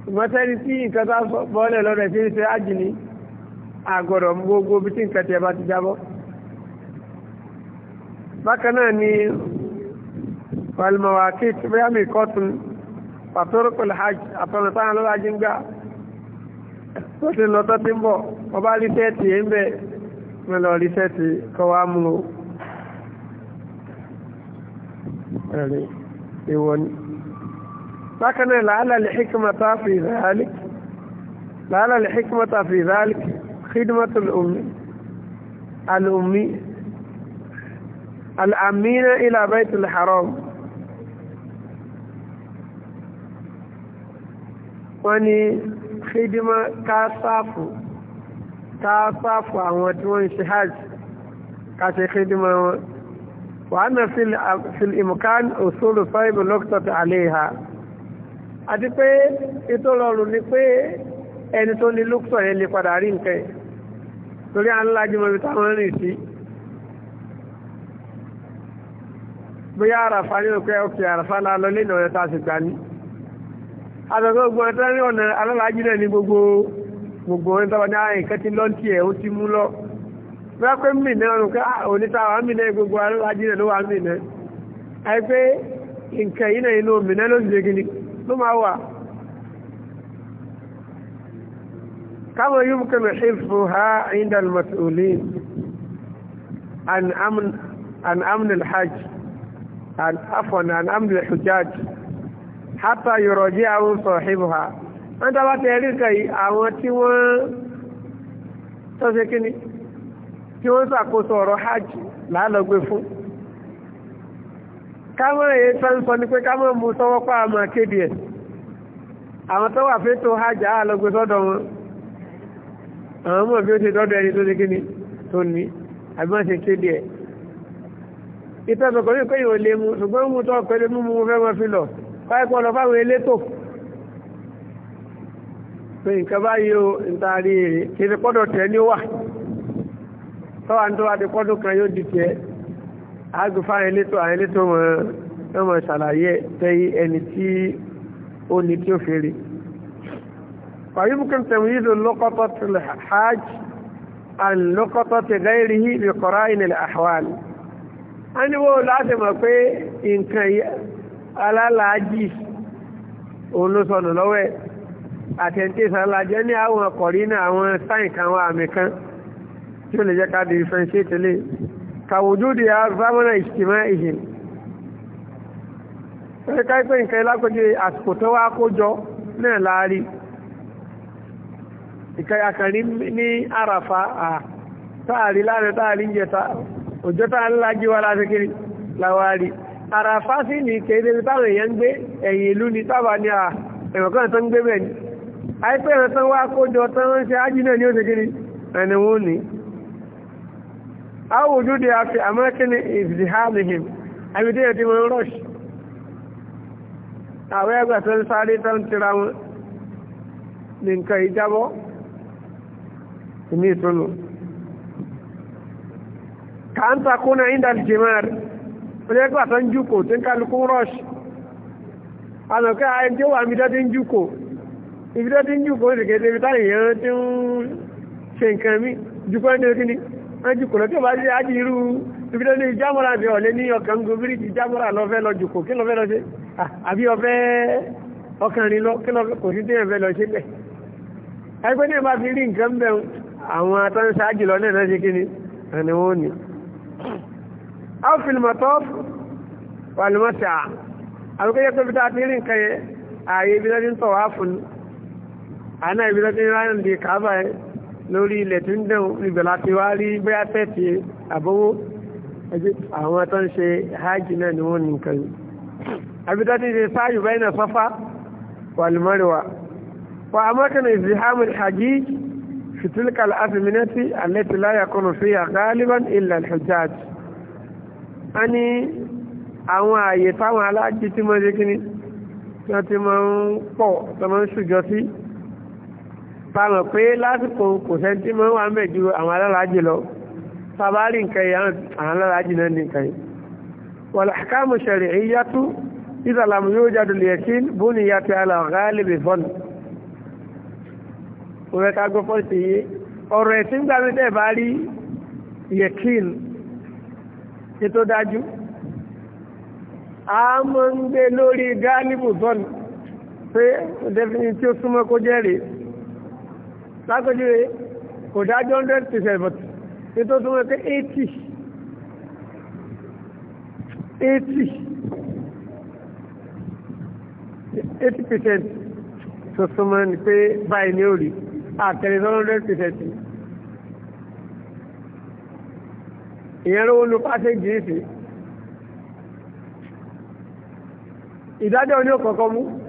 ìmọ̀tẹ́ni tí nǹkan tá bọ́ọ̀lẹ̀ lọ́rẹ̀ tí ń ṣe ájì ní àgọ̀rọ̀ gbogbo bí tí nǹkan tẹ̀ bá ti jábọ́ bákan ni palmawa kí tíbíyàmì kọ́tún pàtórókòlù hajj àtọ̀nà táwọn lọ́la jí ń gbà tó ti lọ tó ti ń bọ̀ ọba rísẹ́ẹ̀tì ń bẹ̀ mi lọ rísẹ́ẹ̀tì kọ́ wa mú o ìwọ ni. لكن لعل لحكمة في ذلك لعل لحكمة في ذلك خدمة الأم الأمي الأمين إلى بيت الحرام وني خدمة كاساف كاساف وانتوان شهاج كاسي خدمة وانا في الامكان اصول صيب لقطة عليها àti pé ètò rọrùn ni pé ẹni tó ní lókùtọ̀ yẹn lè padà rí nǹkan torí à ń lajú ibi táwọn rìn sí bóyá àràfà ní òkè òkè àràfà náà lọ lẹ́nu ọ̀rẹ́ tá sì gbà ní gbogbo ọ̀rẹ́ ọ̀nà náà ní gbogbo gbogbo ní ah, ti ẹ̀ ó ti mú lọ bóyá pé mì náà rò pé mì ah, ti ló máa wà kama yumkinu hifzuha inda al-mas'ulin an amn an amn al-hajj an afwan an amn al-hujjaj hatta yuraji'ahu sahibuha wọ́n tàbá tẹ̀rí kàí àwọn tí wọ́n tọ́ṣe tí wọ́n sàkóso ọ̀rọ̀ hajj lálọ́gbé fún kámọ́ èyí tó ń sọ ní pé kámọ́ mú sọ́wọ́ pa àmà kéde ẹ̀ àwọn tó wà fẹ́tò hajjá àlọ́gbé sọ́dọ̀ wọn àwọn mọ̀ bí ó ṣe dọ́dọ̀ ẹni tó ní kíni tó ní àbímọ́ ṣe kéde ẹ̀ ìtọ́sọ̀kọ́ ní pé ìwò lè mú ṣùgbọ́n aago fáwọn elétò àwọn elétò wọn wọn ṣàlàyé tẹ́yí ẹni tí ó ní tí ó fèrè ويمكن تمييز لقطة الحاج عن لقطة غيره بقرائن الأحوال أنا بقول لازم أقول إن كان على لاجي olóṣọ̀nà lọ́wọ́ ẹ̀ àtẹ̀ntẹ́sà alájẹ́ ní àwọn ọkọ̀rí náà àwọn sáìn kan wà àmì kan tí ó lè jẹ́ ká di tẹ́lẹ̀ kàwùjúdì ya zámánà ìṣìmá ìhìn ẹ ká pé nǹkan lápẹjẹ àsìkò tó wá kójọ náà láàrí ìkàyàkàrí ní àràfà à táàrí láàrin táàrí jẹta òjò táà ńlá jíwá láti kiri láwárí àràfà sí ní kéde táwọn èèyàn ń gbé ẹ̀yìn ìlú ni tábà أو وجودها في أماكن ازدحامهم أبدية من رش أو يبقى سنساري تنترام من كيجابو مثل كأن تكون عند الجمار ويبقى تنجوكو تنكالكو رش أنا كأنجو أمدا تنجوكو ibi tó ti ń jùkó ìrìnkè tí ibi táyìyàn tí ń ṣe nǹkan mí jùkó ẹni ó kí ni jùkò lọ tí ó bá ṣe ájì irú ìbílẹ̀ ní ìjámọ́ra bí ọ̀lẹ́ ní ọkàn gomiri ti jámọ́ra lọ fẹ́ lọ jùkò kí lọ fẹ́ lọ ṣe àbí ọfẹ́ ọkànrin lọ kí lọ kò sí téèyàn fẹ́ lọ ṣe ẹgbẹ́ náà bá fi rí nǹkan bẹ̀ àwọn atọ́ni ṣáájì náà ṣe kíni ẹni wọ́n ni. áfìlmọ̀tọ́ wàlúmọ̀ṣà àbíkẹ́yẹ pé bíta ti rí nǹkan yẹn ààyè ibi lọ́dún tọ̀ wá fún àná ibi lórí ilẹ̀ tí ń dẹ̀wò ìgbẹ̀lá ti wá rí bóyá tẹ́tì àbówó àwọn tó ń ṣe hajj náà ni wọ́n nìkan yìí abidjan ti ṣe sáàyù bẹ́ẹ̀ náà sọ́fà wàlúmọ́rìwà wà á mọ́kànlá ìzìhámù hajji fitilka al'afiminati alẹ́tì láyà kọ́nà fi yà gálíban ilẹ̀ alhujjaj a ní àwọn ààyè táwọn aláàjì tí mo fáwọn pé lásìkò kò sẹ́ńtì mọ́ wà mẹ́ ju àwọn alárajì lọ sábàárì nǹkan yìí àwọn alárajì náà ní nǹkan yìí wal ahkamu shari'iyyatu idha lam yujadu al-yakin buniyat ala ghalibi dhann mo fẹ́ ká gbọ́ fọ́ọ̀sì yìí ọ̀rọ̀ ẹ̀sìn gbàmí tẹ́ bá definitely tí ó súnmọ́ kó jẹ́rìí lágbèjú rẹ̀ kò dájú hundred percent but ètò tó wọ́n pé eighty eighty eighty percent tuntun mọ́ ni pé báyìí ní òrì àtẹ̀lé hundred percent ìyẹn lówó ló pàṣẹ jìí sí ìdájọ́ ní ọ̀kọ̀ọ̀kan mú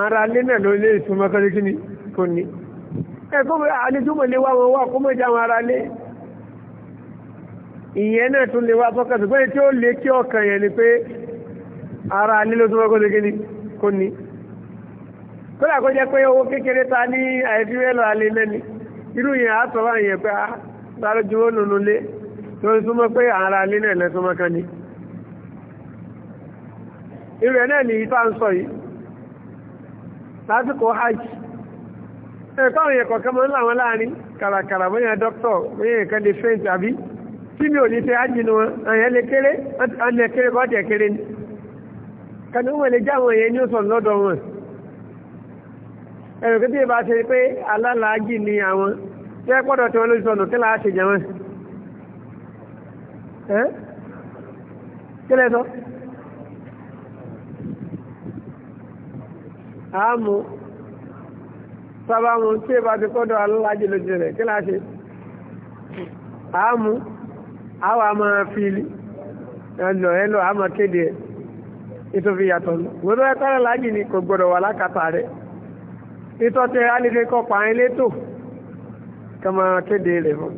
ara lé náà ló lé ìsúnmọ́ kan kí ni kò ní ẹ̀kọ́ alẹ́júmọ̀ lè wá wọn wá kó mọ̀já wọn ara lé ìyẹn náà tún lè wá fọ́kàn ṣùgbọ́n tí ó lé kí ọkàn yẹn ni pé ara lé ló súnmọ́ kan kí ni kò ní kódà kó jẹ́ pé owó kékeré ta ní àìfíwẹ́ lọ alẹ́ lẹ́ni irú yẹn àtọ̀ wá yẹn pé a ah, sáré ju ó lé tó ń pé ara lé náà lẹ́súnmọ́ kan ni irú ẹ̀ náà ní ìta ń sọ yìí lásìkò hajj ẹ̀kọ́ àwọn èèyàn kọ̀ọ̀kan mọ́ láwọn láàrin kàràkàrà bóyá dókítọ̀ bóyá nǹkan lè fẹ́ǹtì àbí tí mi ò ní ṣe hajj nu wọn àyàn lè kéré àyàn kéré kọ́ tẹ̀ kéré ni kàní lè já ní lọ́dọ̀ wọn ẹ̀rọ kí tí ì bá ṣe pé alálàájì ni àwọn tẹ́ tí wọ́n lójú kí wọn. àmú sábà mú tí ti kọ́dọ̀ aláàjì lójú rẹ̀ kí láṣe àmú àwọn àmọ́ fíìlì ẹlò ẹlò àmọ́ kéde ẹ̀ ìtòfi yàtọ̀ gbọ́dọ̀ ẹ̀kọ́ aláàjì ni kò gbọ́dọ̀ kama kéde le fún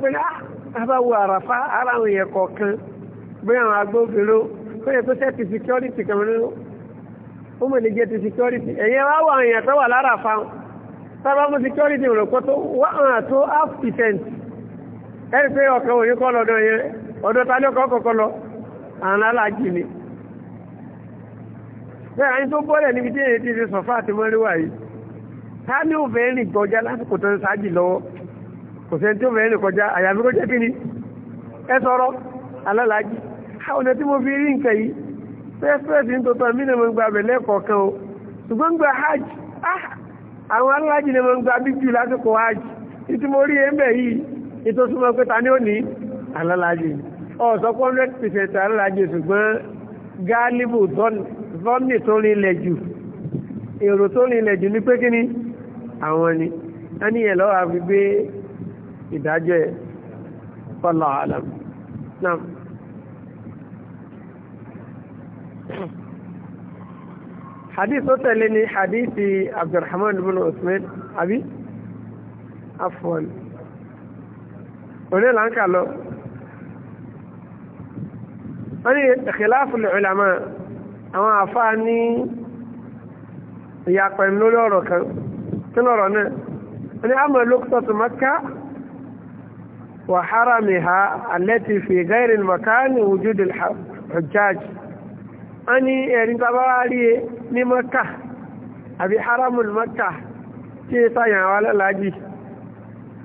ti di abáwo àràfá ara àwọn èèyàn kọ̀ọ̀kan bí àwọn agbófinró ó yẹ kó sẹ́ẹ̀tì security kan nínú ó mọ̀ ní jẹ́ ti security ẹ̀yẹ wá wọ àwọn èèyàn tó wà lára fa sábà mú security òròkó tó wá hàn tó half percent ẹ̀rí pé ọ̀kan òní kọ́ lọ́dọ̀ yẹn ọ̀dọ̀ ta ló kọ́kọ́ lọ àwọn ni bẹ́ẹ̀ àyín tó bọ́lẹ̀ níbi tí èyí ti sọ̀fà àti mọ́ríwá yìí ká ní òfin rìn lásìkò tó ń lọ́wọ́ kò sẹ́ni tí ó mẹ́rin kọjá àyàfi kó jẹ́ kí ala ẹ sọ̀rọ̀ alálàájì ọ̀nà tí mo fi rí nǹkan yìí fẹ́ẹ́fẹ́ẹ́sì ń tọ́tọ́ hajj ah, àwọn alálàájì ni mo gba bíbí lásìkò hajj títí mo rí yìí pé ta ni ó ní alálàájì ọ̀sọ́ alálàájì ṣùgbọ́n tó rinlẹ̀ jù èrò tó rinlẹ̀ jù ní pé àwọn ni ìdájọ́ ẹ̀ fọ́lá àlàm náà. hadith tó tẹ̀lé ni hadith abdulrahman bin usman abi afwan onílà ń kà lọ wọ́n ní khilafu ulama àwọn àfáà ní ìyàpẹ̀ lórí ọ̀rọ̀ kan kí lọ́rọ̀ náà wọ́n ní àmọ́ lókùtọ̀ tó Makkah وحرمها التي في غير المكان وجود الحجاج أني يعني تباري لمكة أبي حرم المكة تيطا ولا لاجي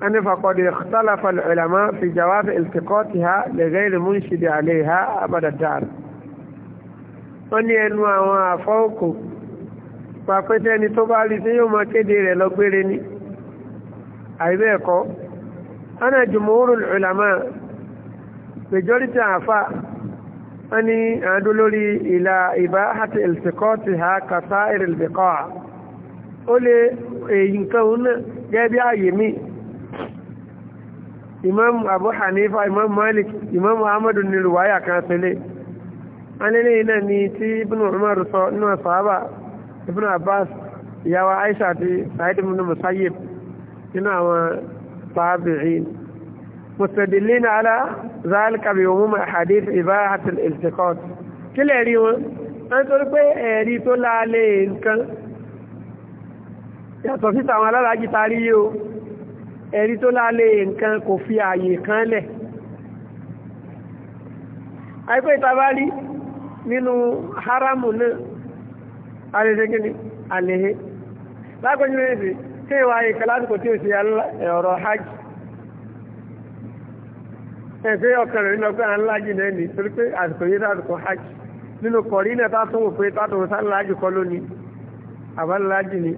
أن فقد اختلف العلماء في جواب التقاطها لغير منشد عليها أبد الدار أني أنواع وفوق فقلت أني تبالي سيوم كدير لو بيرني أي أنا jumhurul العلماء، majority afa ani adolori ila ibahati iltiqatiha ka sa'ir albiqa ó lè eyin kan gẹ́gẹ́ bí àyè mi imam abu hanifa imam malik imam ahmadu ni ruwaya kan sele anile ina ni ti ibn umar sọ nínú sahaba ibn abbas ìyá wa aisha àti sa'id ibn musayyib nínú التابعين مستدلين على ذلك بعموم حديث إباحة الالتقاط كل أريون أنت تقول أريتو لا لين كان yàtọ̀ síta àwọn alálàájì tarí yíò ẹ̀rí tó lálẹ́ nǹkan kò fi ààyè kan lẹ̀ àìpé ìtàbárí nínú haramu náà alẹ́sẹ́gẹ́ni alẹ́hẹ́ lápẹ́jú mẹ́rin kí ìwà ìkẹ́ lásìkò tí ó ṣe ọ̀rọ̀ hajj ẹgbẹ́ ọkàn rẹ̀ nínú ọgbẹ́ aláàjì náà ní torí pé àsìkò yìí lásìkò hajj nínú kọ̀rí náà tá tún wò pé tá tún sáláàjì kọ́ lónìí àbáláàjì ni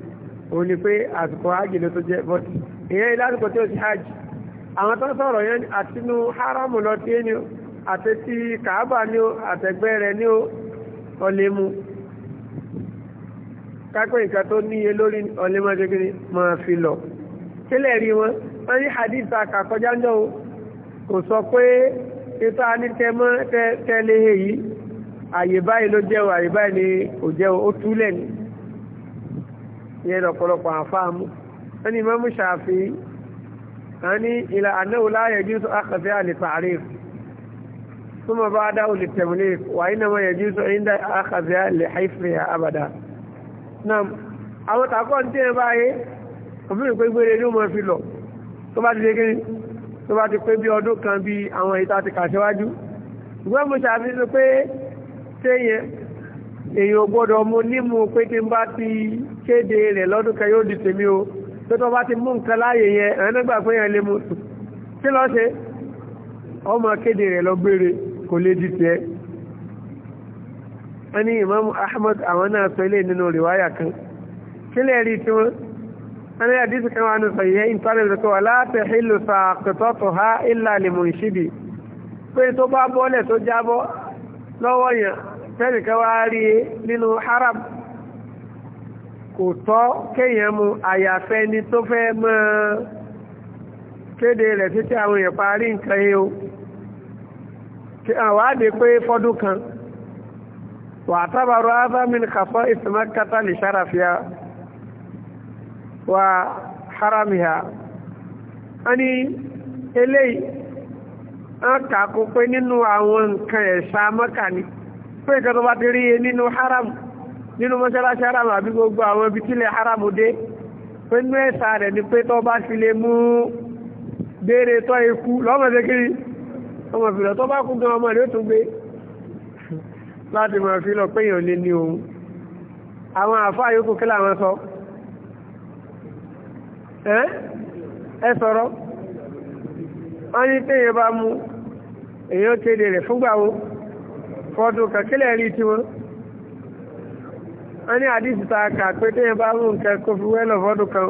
òun ni pé àsìkò hajj ló tó jẹ́ bọ́tì ìyẹn lásìkò tí ó ṣe hajj àwọn tó sọ̀rọ̀ yẹn àtinú haramu lọ tí ó ní àtẹ́tí kàábà ní ó àtẹ̀gbẹ́ rẹ̀ ní ó ọlẹ́mu kápẹ́ nǹkan tó níye lórí ọlẹ́mọ́dégiri máa fi lọ kílẹ̀ rí wọn wọ́n ní hadith àkàkọjá náà kò sọ pé ipa ní tẹmọ́ tẹ́lẹ̀ èyí àyè báyìí ló jẹ́ o àyè báyìí ni ò jẹ́ o ó túlẹ̀ ni ìyẹn lọ̀pọ̀lọpọ̀ àfáàmù wọ́n ní Imam Shafi wọ́n ní ìlà ànáwó láàyè jùsọ àkàfẹ́ àlè tààrí ثم بعده للتمليك وإنما يجوز náà àwọn tàkọ́ ní tẹ́yẹ báyé òfin pé gbére ní ọmọ fi lọ tó bá ti lé kí tó bá ti pé bí ọdún kan bí àwọn ìta ti kà síwájú ìgbẹ́ mo ṣàfihàn pé tẹ́yẹ èèyàn gbọ́dọ̀ mo nímú pé tí n bá ti o tó tó bá ti mú nǹkan láàyè yẹn àwọn ẹgbà pé yẹn lè mú kí lọ wọ́n ní imam ahmad àwọn náà sọ ilé nínú rìwáyà kan kílẹ̀ rí tí wọ́n wọ́n ní àdísì kan wà ní sọ̀yẹ́ ìntánẹ̀ tó wà láti hìlù sàkìtọ́tù ha ìlà lèmù ìṣíbi pé tó bá bọ́lẹ̀ tó jábọ́ lọ́wọ́ yẹn fẹ́nìkan wá rí nínú haram kò tọ́ kéèyàn mu àyàfẹ́ ni tó fẹ́ mọ́ kéde rẹ̀ títí àwọn èèyàn parí nǹkan yìí kí àwọn pé fọ́dún kan واعتبروا هذا من خصائص مكة لشرفها وحرمها أني إلي aka kó pé nínú àwọn nǹkan ẹ̀ṣà mọ́kà ni pé ìkan tó bá ti rí nínú haram nínú mọ́ṣáláṣí haram àbí gbogbo àwọn ibi tílẹ̀ haram dé pé nínú ẹ̀ṣà rẹ̀ ni pé tó bá fi lè mú béèrè tọ́ ikú lọ́mọdé kiri ọmọ ìfìlọ̀ tó bá kú gan ọmọ rẹ̀ ó tún gbé láti mọ̀ fi lọ péyàn lé ní ohun àwọn àfá yóò kí láwọn sọ ẹ sọ̀rọ̀ wọ́n ní téèyàn bá mú èyàn kéde rẹ̀ fúngbàwó fọ́dún kàkílẹ̀ rí tí wọ́n wọ́n ní àdísì ta kà pé téèyàn bá mú nǹkan kó fi wẹ́lọ̀ fọ́dún kan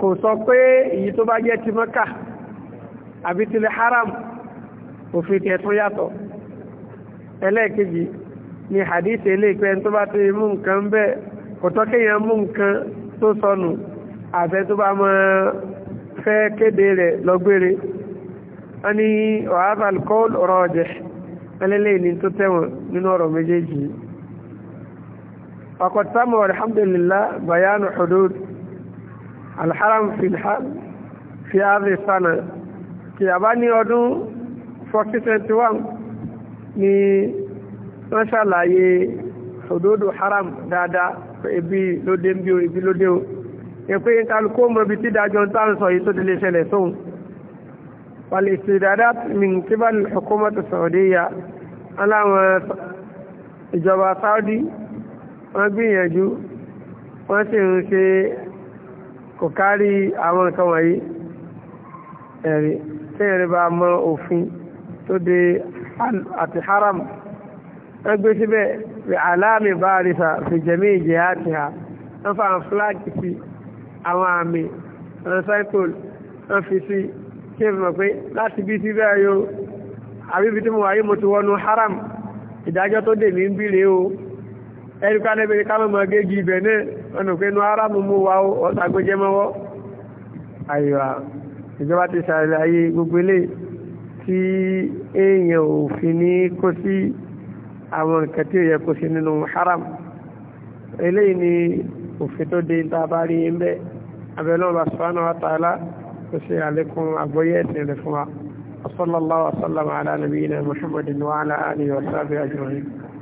kò sọ pé èyí tó bá jẹ́ ti Mọ́kà àbí tilẹ̀ haram òfin tiẹ̀ tó yàtọ̀ ẹlẹ́ẹ̀kejì ni hadith eléèpẹ́ tó bá ti mú nǹkan bẹ́ẹ̀ kò tọ́kéyàn mú nǹkan tó sọnù àfẹ́ tó bá mọ́ fẹ́ kéde rẹ̀ lọ́gbére wọ́n ní ọ̀hábà alcohol ọ̀rọ̀ ọ̀jẹ̀ ẹlẹ́lẹ́ ní tó tẹ̀wọ̀n nínú ọ̀rọ̀ méjèèjì ọkọ̀t sámọ̀ alhamdulillah bayanu hudud alharam filhal fi adhi sana kìyàbá ní ọdún 1421 ni wọ́n ṣàlàyé òdòdó haram dáadáa ibi lóde ń bí o ibi lóde o ìpé kálukú mọ̀ ibi tí dájọ́ tá ń sọ yìí tó délé ṣẹlẹ̀ sóhun wàlẹ̀ ìsìdádá min kíbal hukumatu saudiya aláwọn ìjọba saudi wọ́n gbìyànjú wọ́n sì ń ṣe kò kárí àwọn nǹkan wọ̀nyí ẹ̀rí tí ẹ̀rí bá mọ òfin tó de àti haram ẹgbẹ́ síbẹ̀ rẹ̀ aláàmì bá àrífà fi jẹ̀mí ìjẹ́ àti ha wọ́n fa àwọn fúláàgì sí àwọn àmì ọ̀nà cycle wọ́n fi sí kí n mọ̀ pé láti bí sí bẹ́ẹ̀ yóò àbíbi tí mo wáyé mo ti wọnú haram ìdájọ́ tó dè mí ń bílé o ẹni ká níbi ká mọ̀ gégi ibẹ̀ náà ọ̀nà pé inú haram mú wa ọ̀sàgbẹ́jẹ́ mọ́wọ́ àyíwá ìjọba ti ṣàlàyé gbogbo eléyìí tí èèyàn ò fi ní kó sí àwọn nǹkan tí ó yẹ kó sí nínú haram eléyìí ni òfin tó de ta bá rí ń bẹ́ abẹ́lọ́wọ́ subhanahu wa ta'ala kó ṣe àlékún àgbọ́yé ẹ̀sìn rẹ̀ fún wa وصلى الله وسلم على نبينا محمد وعلى آله وصحبه أجمعين